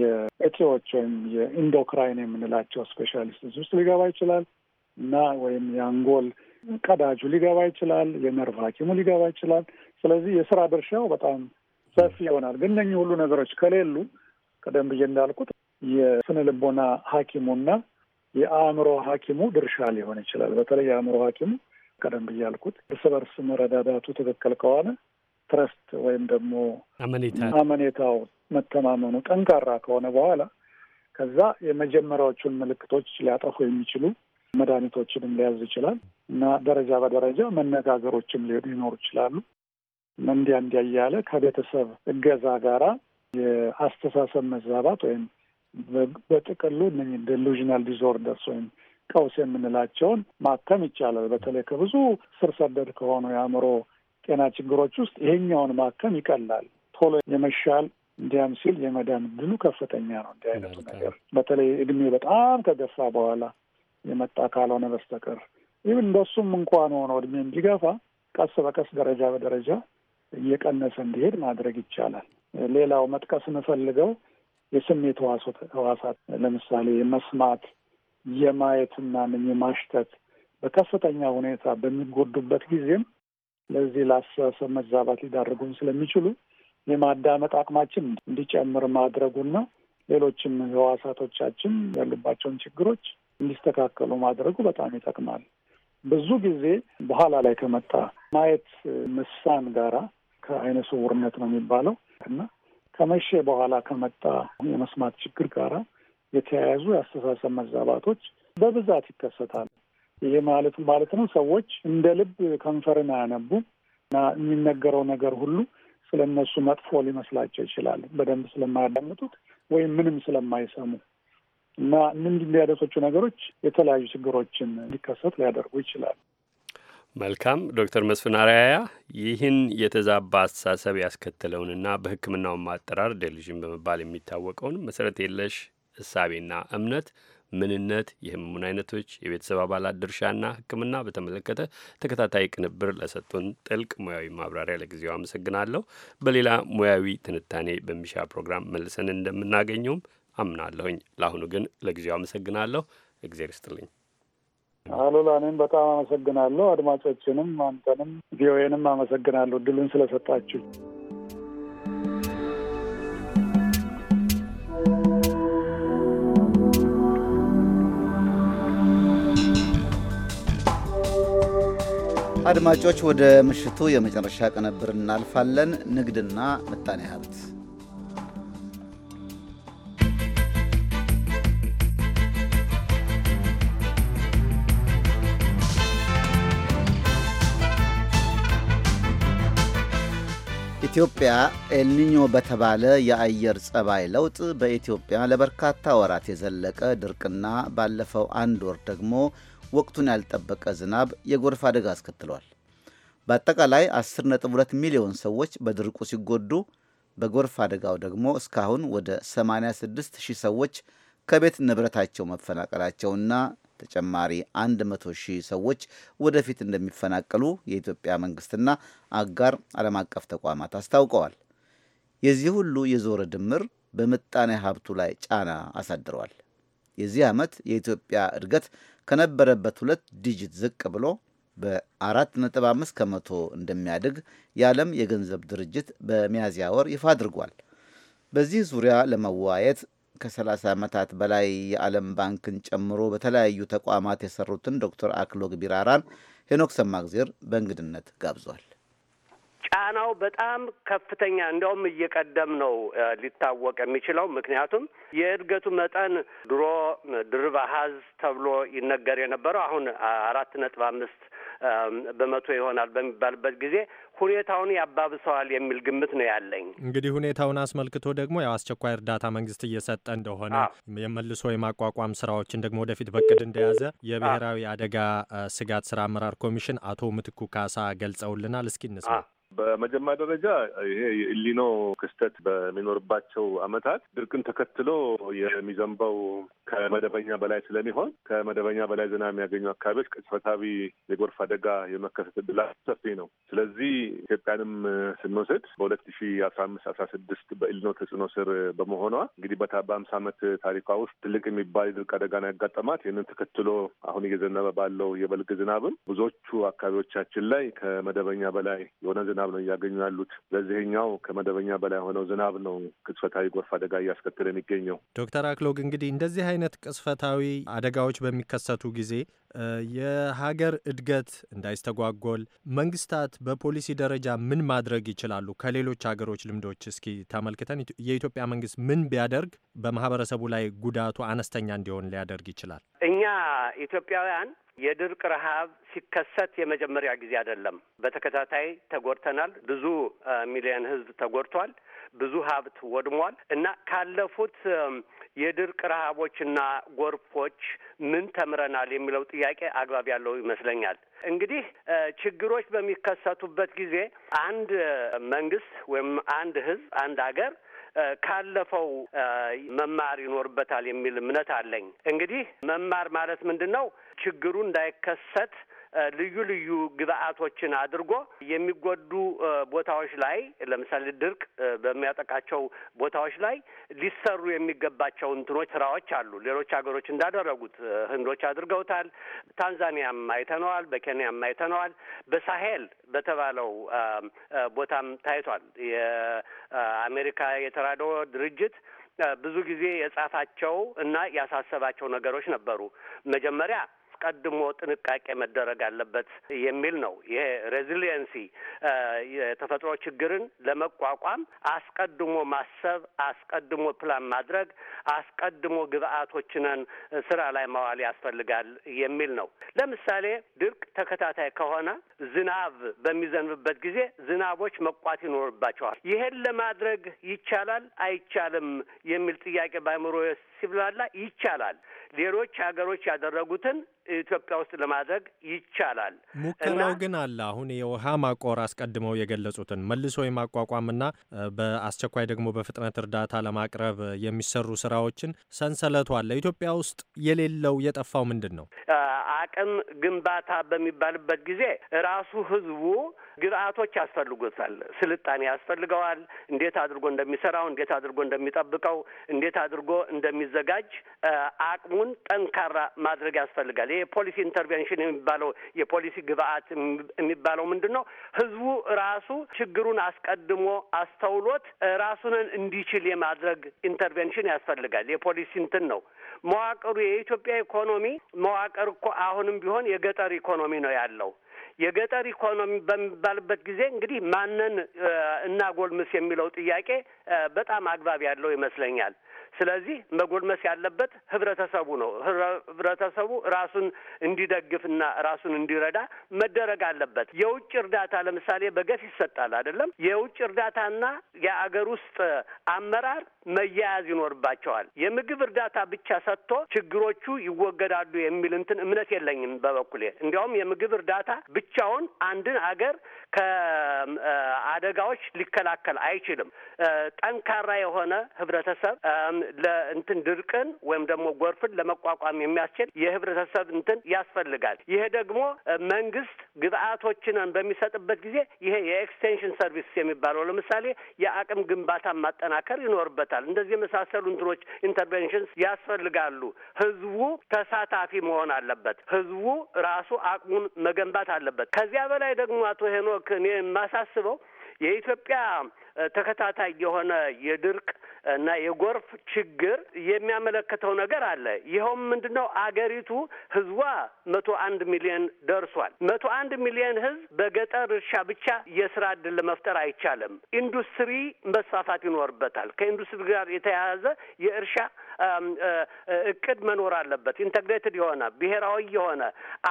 የእጢዎች ወይም የኢንዶክራይን የምንላቸው ስፔሻሊስት እዚህ ውስጥ ሊገባ ይችላል እና ወይም የአንጎል ቀዳጁ ሊገባ ይችላል፣ የነርቭ ሐኪሙ ሊገባ ይችላል። ስለዚህ የስራ ድርሻው በጣም ሰፊ ይሆናል። ግን እነኚህ ሁሉ ነገሮች ከሌሉ ቀደም ብዬ እንዳልኩት የስነ ልቦና ሐኪሙና የአእምሮ ሐኪሙ ድርሻ ሊሆን ይችላል። በተለይ የአእምሮ ሐኪሙ ቀደም ብዬ ያልኩት እርስ በርስ መረዳዳቱ ትክክል ከሆነ ትረስት ወይም ደግሞ አመኔታው መተማመኑ ጠንካራ ከሆነ በኋላ ከዛ የመጀመሪያዎቹን ምልክቶች ሊያጠፉ የሚችሉ መድኃኒቶችንም ሊያዝ ይችላል እና ደረጃ በደረጃ መነጋገሮችም ሊኖሩ ይችላሉ። እንዲያ እንዲያ እያለ ከቤተሰብ እገዛ ጋራ የአስተሳሰብ መዛባት ወይም በጥቅሉ እነኝህ ዲዞርደርስ ወይም ቀውስ የምንላቸውን ማከም ይቻላል። በተለይ ከብዙ ስር ሰደድ ከሆኑ የአእምሮ ጤና ችግሮች ውስጥ ይሄኛውን ማከም ይቀላል። ቶሎ የመሻል እንዲያም ሲል የመዳን ድሉ ከፍተኛ ነው። እንዲህ አይነቱ ነገር በተለይ እድሜ በጣም ከገፋ በኋላ የመጣ ካልሆነ በስተቀር ይህ እንደሱም እንኳን ሆኖ እድሜም ቢገፋ ቀስ በቀስ ደረጃ በደረጃ እየቀነሰ እንዲሄድ ማድረግ ይቻላል። ሌላው መጥቀስ የምፈልገው የስሜት ህዋሳት ለምሳሌ የመስማት፣ የማየትና ምን የማሽተት በከፍተኛ ሁኔታ በሚጎዱበት ጊዜም ለዚህ ለአስተሳሰብ መዛባት ሊዳርጉን ስለሚችሉ የማዳመጥ አቅማችን እንዲጨምር ማድረጉና ሌሎችም ህዋሳቶቻችን ያሉባቸውን ችግሮች እንዲስተካከሉ ማድረጉ በጣም ይጠቅማል። ብዙ ጊዜ በኋላ ላይ ከመጣ ማየት ምሳን ጋራ ከአይነ ስውርነት ነው የሚባለው እና ከመቼ በኋላ ከመጣ የመስማት ችግር ጋራ የተያያዙ የአስተሳሰብ መዛባቶች በብዛት ይከሰታሉ። ይህ ማለት ማለት ነው ሰዎች እንደ ልብ ከንፈርን አያነቡም እና የሚነገረው ነገር ሁሉ ስለነሱ መጥፎ ሊመስላቸው ይችላል። በደንብ ስለማያዳምጡት ወይም ምንም ስለማይሰሙ እና ምንድ ሊያደርሷቸው ነገሮች የተለያዩ ችግሮችን ሊከሰት ሊያደርጉ ይችላል። መልካም ዶክተር መስፍን አርያያ ይህን የተዛባ አስተሳሰብ ያስከተለውንና በሕክምናው ማጠራር ዴልዥን በመባል የሚታወቀውን መሰረት የለሽ እሳቤና እምነት ምንነት፣ የህመሙን አይነቶች፣ የቤተሰብ አባላት ድርሻና ሕክምና በተመለከተ ተከታታይ ቅንብር ለሰጡን ጥልቅ ሙያዊ ማብራሪያ ለጊዜው አመሰግናለሁ። በሌላ ሙያዊ ትንታኔ በሚሻ ፕሮግራም መልሰን እንደምናገኘውም አምናለሁኝ። ለአሁኑ ግን ለጊዜው አመሰግናለሁ። እግዜር ይስጥልኝ። አሉላ፣ እኔም በጣም አመሰግናለሁ። አድማጮችንም አንተንም ቪኦኤንም አመሰግናለሁ እድሉን ስለሰጣችሁ። አድማጮች ወደ ምሽቱ የመጨረሻ ቅንብር እናልፋለን። ንግድና ምጣኔ ሀብት ኢትዮጵያ ኤልኒኞ በተባለ የአየር ጸባይ ለውጥ በኢትዮጵያ ለበርካታ ወራት የዘለቀ ድርቅና ባለፈው አንድ ወር ደግሞ ወቅቱን ያልጠበቀ ዝናብ የጎርፍ አደጋ አስከትሏል። በአጠቃላይ 10.2 ሚሊዮን ሰዎች በድርቁ ሲጎዱ በጎርፍ አደጋው ደግሞ እስካሁን ወደ 86 ሺህ ሰዎች ከቤት ንብረታቸው መፈናቀላቸውና ተጨማሪ 100 ሺህ ሰዎች ወደፊት እንደሚፈናቀሉ የኢትዮጵያ መንግስትና አጋር ዓለም አቀፍ ተቋማት አስታውቀዋል። የዚህ ሁሉ የዞረ ድምር በምጣኔ ሀብቱ ላይ ጫና አሳድረዋል። የዚህ ዓመት የኢትዮጵያ እድገት ከነበረበት ሁለት ዲጂት ዝቅ ብሎ በ4.5 ከመቶ እንደሚያድግ የዓለም የገንዘብ ድርጅት በሚያዝያ ወር ይፋ አድርጓል። በዚህ ዙሪያ ለመወያየት ከ30 ዓመታት በላይ የዓለም ባንክን ጨምሮ በተለያዩ ተቋማት የሰሩትን ዶክተር አክሎግ ቢራራን ሄኖክ ሰማግዜር በእንግድነት ጋብዟል። ጫናው በጣም ከፍተኛ እንደውም እየቀደም ነው ሊታወቅ የሚችለው። ምክንያቱም የእድገቱ መጠን ድሮ ድርብ ተብሎ ይነገር የነበረው አሁን አራት ነጥብ አምስት በመቶ ይሆናል በሚባልበት ጊዜ ሁኔታውን ያባብሰዋል የሚል ግምት ነው ያለኝ። እንግዲህ ሁኔታውን አስመልክቶ ደግሞ ያው አስቸኳይ እርዳታ መንግስት እየሰጠ እንደሆነ የመልሶ የማቋቋም ስራዎችን ደግሞ ወደፊት በቅድ እንደያዘ የብሔራዊ አደጋ ስጋት ስራ አመራር ኮሚሽን አቶ ምትኩ ካሳ ገልጸውልናል። እስኪ እንስማ። በመጀመሪያ ደረጃ ይሄ የኢሊኖ ክስተት በሚኖርባቸው አመታት ድርቅን ተከትሎ የሚዘንባው ከመደበኛ በላይ ስለሚሆን ከመደበኛ በላይ ዝናብ የሚያገኙ አካባቢዎች ቅጽበታዊ የጎርፍ አደጋ የመከሰት ዕድላቸው ሰፊ ነው። ስለዚህ ኢትዮጵያንም ስንወስድ በሁለት ሺ አስራ አምስት አስራ ስድስት በኢሊኖ ተጽዕኖ ስር በመሆኗ እንግዲህ በታ በአምሳ ዓመት ታሪኳ ውስጥ ትልቅ የሚባል የድርቅ አደጋ ነው ያጋጠማት። ይህንን ተከትሎ አሁን እየዘነበ ባለው የበልግ ዝናብም ብዙዎቹ አካባቢዎቻችን ላይ ከመደበኛ በላይ የሆነ ዝናብ ዝናብ ነው እያገኙ ያሉት። በዚህኛው ከመደበኛ በላይ የሆነው ዝናብ ነው ቅጽበታዊ ጎርፍ አደጋ እያስከተለ የሚገኘው። ዶክተር አክሎግ እንግዲህ እንደዚህ አይነት ቅጽበታዊ አደጋዎች በሚከሰቱ ጊዜ የሀገር እድገት እንዳይስተጓጎል መንግስታት በፖሊሲ ደረጃ ምን ማድረግ ይችላሉ? ከሌሎች ሀገሮች ልምዶች እስኪ ተመልክተን የኢትዮጵያ መንግስት ምን ቢያደርግ በማህበረሰቡ ላይ ጉዳቱ አነስተኛ እንዲሆን ሊያደርግ ይችላል? እኛ ኢትዮጵያውያን የድርቅ ረሃብ ሲከሰት የመጀመሪያ ጊዜ አይደለም። በተከታታይ ተጎድተናል። ብዙ ሚሊዮን ህዝብ ተጎድቷል። ብዙ ሀብት ወድሟል እና ካለፉት የድርቅ ረሃቦችና ጎርፎች ምን ተምረናል የሚለው ጥያቄ አግባብ ያለው ይመስለኛል። እንግዲህ ችግሮች በሚከሰቱበት ጊዜ አንድ መንግስት ወይም አንድ ህዝብ አንድ አገር ካለፈው መማር ይኖርበታል የሚል እምነት አለኝ። እንግዲህ መማር ማለት ምንድን ነው? ችግሩ እንዳይከሰት ልዩ ልዩ ግብአቶችን አድርጎ የሚጎዱ ቦታዎች ላይ ለምሳሌ ድርቅ በሚያጠቃቸው ቦታዎች ላይ ሊሰሩ የሚገባቸው እንትኖች ስራዎች አሉ። ሌሎች ሀገሮች እንዳደረጉት ህንዶች አድርገውታል። ታንዛኒያም አይተነዋል። በኬንያም አይተነዋል። በሳሄል በተባለው ቦታም ታይቷል። የአሜሪካ የተራዶ ድርጅት ብዙ ጊዜ የጻፋቸው እና ያሳሰባቸው ነገሮች ነበሩ መጀመሪያ አስቀድሞ ጥንቃቄ መደረግ አለበት የሚል ነው። ይሄ ሬዚሊየንሲ የተፈጥሮ ችግርን ለመቋቋም አስቀድሞ ማሰብ፣ አስቀድሞ ፕላን ማድረግ፣ አስቀድሞ ግብአቶችንን ስራ ላይ ማዋል ያስፈልጋል የሚል ነው። ለምሳሌ ድርቅ ተከታታይ ከሆነ ዝናብ በሚዘንብበት ጊዜ ዝናቦች መቋት ይኖርባቸዋል። ይሄን ለማድረግ ይቻላል አይቻልም የሚል ጥያቄ ስ ብለዋላ ይቻላል። ሌሎች ሀገሮች ያደረጉትን ኢትዮጵያ ውስጥ ለማድረግ ይቻላል። ሙከራው ግን አለ። አሁን የውሃ ማቆር አስቀድመው የገለጹትን መልሶ የማቋቋምና በአስቸኳይ ደግሞ በፍጥነት እርዳታ ለማቅረብ የሚሰሩ ስራዎችን ሰንሰለቱ አለ። ኢትዮጵያ ውስጥ የሌለው የጠፋው ምንድን ነው? አቅም ግንባታ በሚባልበት ጊዜ ራሱ ህዝቡ ግብአቶች ያስፈልጉታል። ስልጣኔ ያስፈልገዋል። እንዴት አድርጎ እንደሚሰራው፣ እንዴት አድርጎ እንደሚጠብቀው፣ እንዴት አድርጎ እንደሚ እንዲዘጋጅ አቅሙን ጠንካራ ማድረግ ያስፈልጋል። ይሄ የፖሊሲ ኢንተርቬንሽን የሚባለው የፖሊሲ ግብአት የሚባለው ምንድን ነው? ህዝቡ ራሱ ችግሩን አስቀድሞ አስተውሎት ራሱንን እንዲችል የማድረግ ኢንተርቬንሽን ያስፈልጋል። የፖሊሲ እንትን ነው መዋቅሩ። የኢትዮጵያ ኢኮኖሚ መዋቅር እኮ አሁንም ቢሆን የገጠር ኢኮኖሚ ነው ያለው የገጠር ኢኮኖሚ በሚባልበት ጊዜ እንግዲህ ማንን እናጎልምስ የሚለው ጥያቄ በጣም አግባብ ያለው ይመስለኛል። ስለዚህ መጎልመስ ያለበት ህብረተሰቡ ነው። ህብረተሰቡ ራሱን እንዲደግፍና ራሱን እንዲረዳ መደረግ አለበት። የውጭ እርዳታ ለምሳሌ በገፍ ይሰጣል አይደለም። የውጭ እርዳታና የአገር ውስጥ አመራር መያያዝ ይኖርባቸዋል። የምግብ እርዳታ ብቻ ሰጥቶ ችግሮቹ ይወገዳሉ የሚል እንትን እምነት የለኝም በበኩሌ። እንዲያውም የምግብ እርዳታ ብቻውን አንድን አገር ከአደጋዎች ሊከላከል አይችልም። ጠንካራ የሆነ ህብረተሰብ ለእንትን ድርቅን ወይም ደግሞ ጎርፍን ለመቋቋም የሚያስችል የህብረተሰብ እንትን ያስፈልጋል። ይሄ ደግሞ መንግስት ግብአቶችን በሚሰጥበት ጊዜ ይሄ የኤክስቴንሽን ሰርቪስ የሚባለው ለምሳሌ የአቅም ግንባታ ማጠናከር ይኖርበታል። እንደዚህ የመሳሰሉ እንትኖች ኢንተርቬንሽንስ ያስፈልጋሉ። ህዝቡ ተሳታፊ መሆን አለበት። ህዝቡ ራሱ አቅሙን መገንባት አለበት። ከዚያ በላይ ደግሞ አቶ ሄኖክ እኔ የማሳስበው የኢትዮጵያ ተከታታይ የሆነ የድርቅ እና የጎርፍ ችግር የሚያመለክተው ነገር አለ። ይኸውም ምንድን ነው? አገሪቱ ህዝቧ መቶ አንድ ሚሊዮን ደርሷል። መቶ አንድ ሚሊዮን ህዝብ በገጠር እርሻ ብቻ የስራ እድል ለመፍጠር አይቻልም። ኢንዱስትሪ መስፋፋት ይኖርበታል። ከኢንዱስትሪ ጋር የተያያዘ የእርሻ እቅድ መኖር አለበት። ኢንተግሬትድ የሆነ ብሔራዊ የሆነ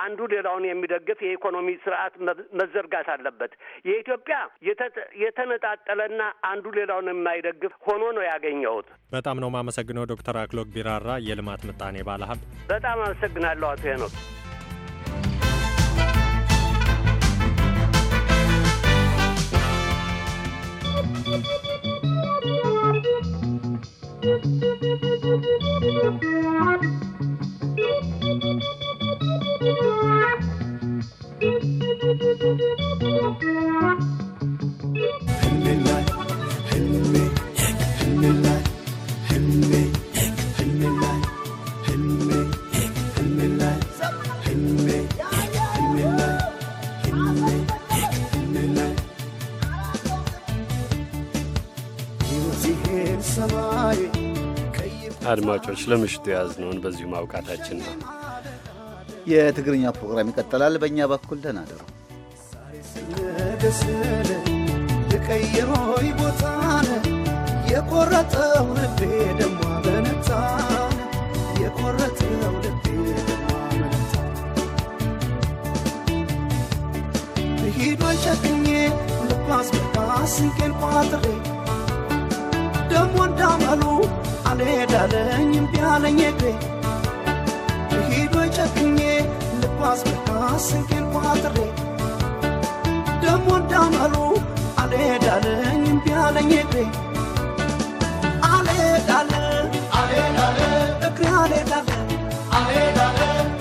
አንዱ ሌላውን የሚደግፍ የኢኮኖሚ ስርዓት መዘርጋት አለበት። የኢትዮጵያ የተነጣጠለ እና አንዱ ሌላውን የማይደግፍ ሆኖ ነው ያገኘሁት። በጣም ነው የማመሰግነው ዶክተር አክሎግ ቢራራ የልማት ምጣኔ ባለሀብት። በጣም አመሰግናለሁ አቶ ሄኖክ። Thank you. አድማጮች ለምሽቱ የያዝነውን በዚሁ ማብቃታችን ነው። የትግርኛ ፕሮግራም ይቀጥላል። በእኛ በኩል ደህና አደሩ። ልቀይሮይ ቦታን የቆረጠው ልቤ ደሞ አመነታን የቆረጠው ልቤ ደሞ አመነታን ሂዶ ሸክኜ ልባስ በቃ ስንቄን ቋጥሬ ደሞ እንዳመሉ አልሄዳለኝ እምቢ አለኝ እግሬ ልሂድ ጨክኜ ልጓዝ በካስ ስንቄን ቋጥሬ ደሞ እንዳመሉ አልሄዳለኝ እምቢ አለኝ አልሄዳለ አልሄዳለ እግሬ አልሄዳለ አልሄዳለ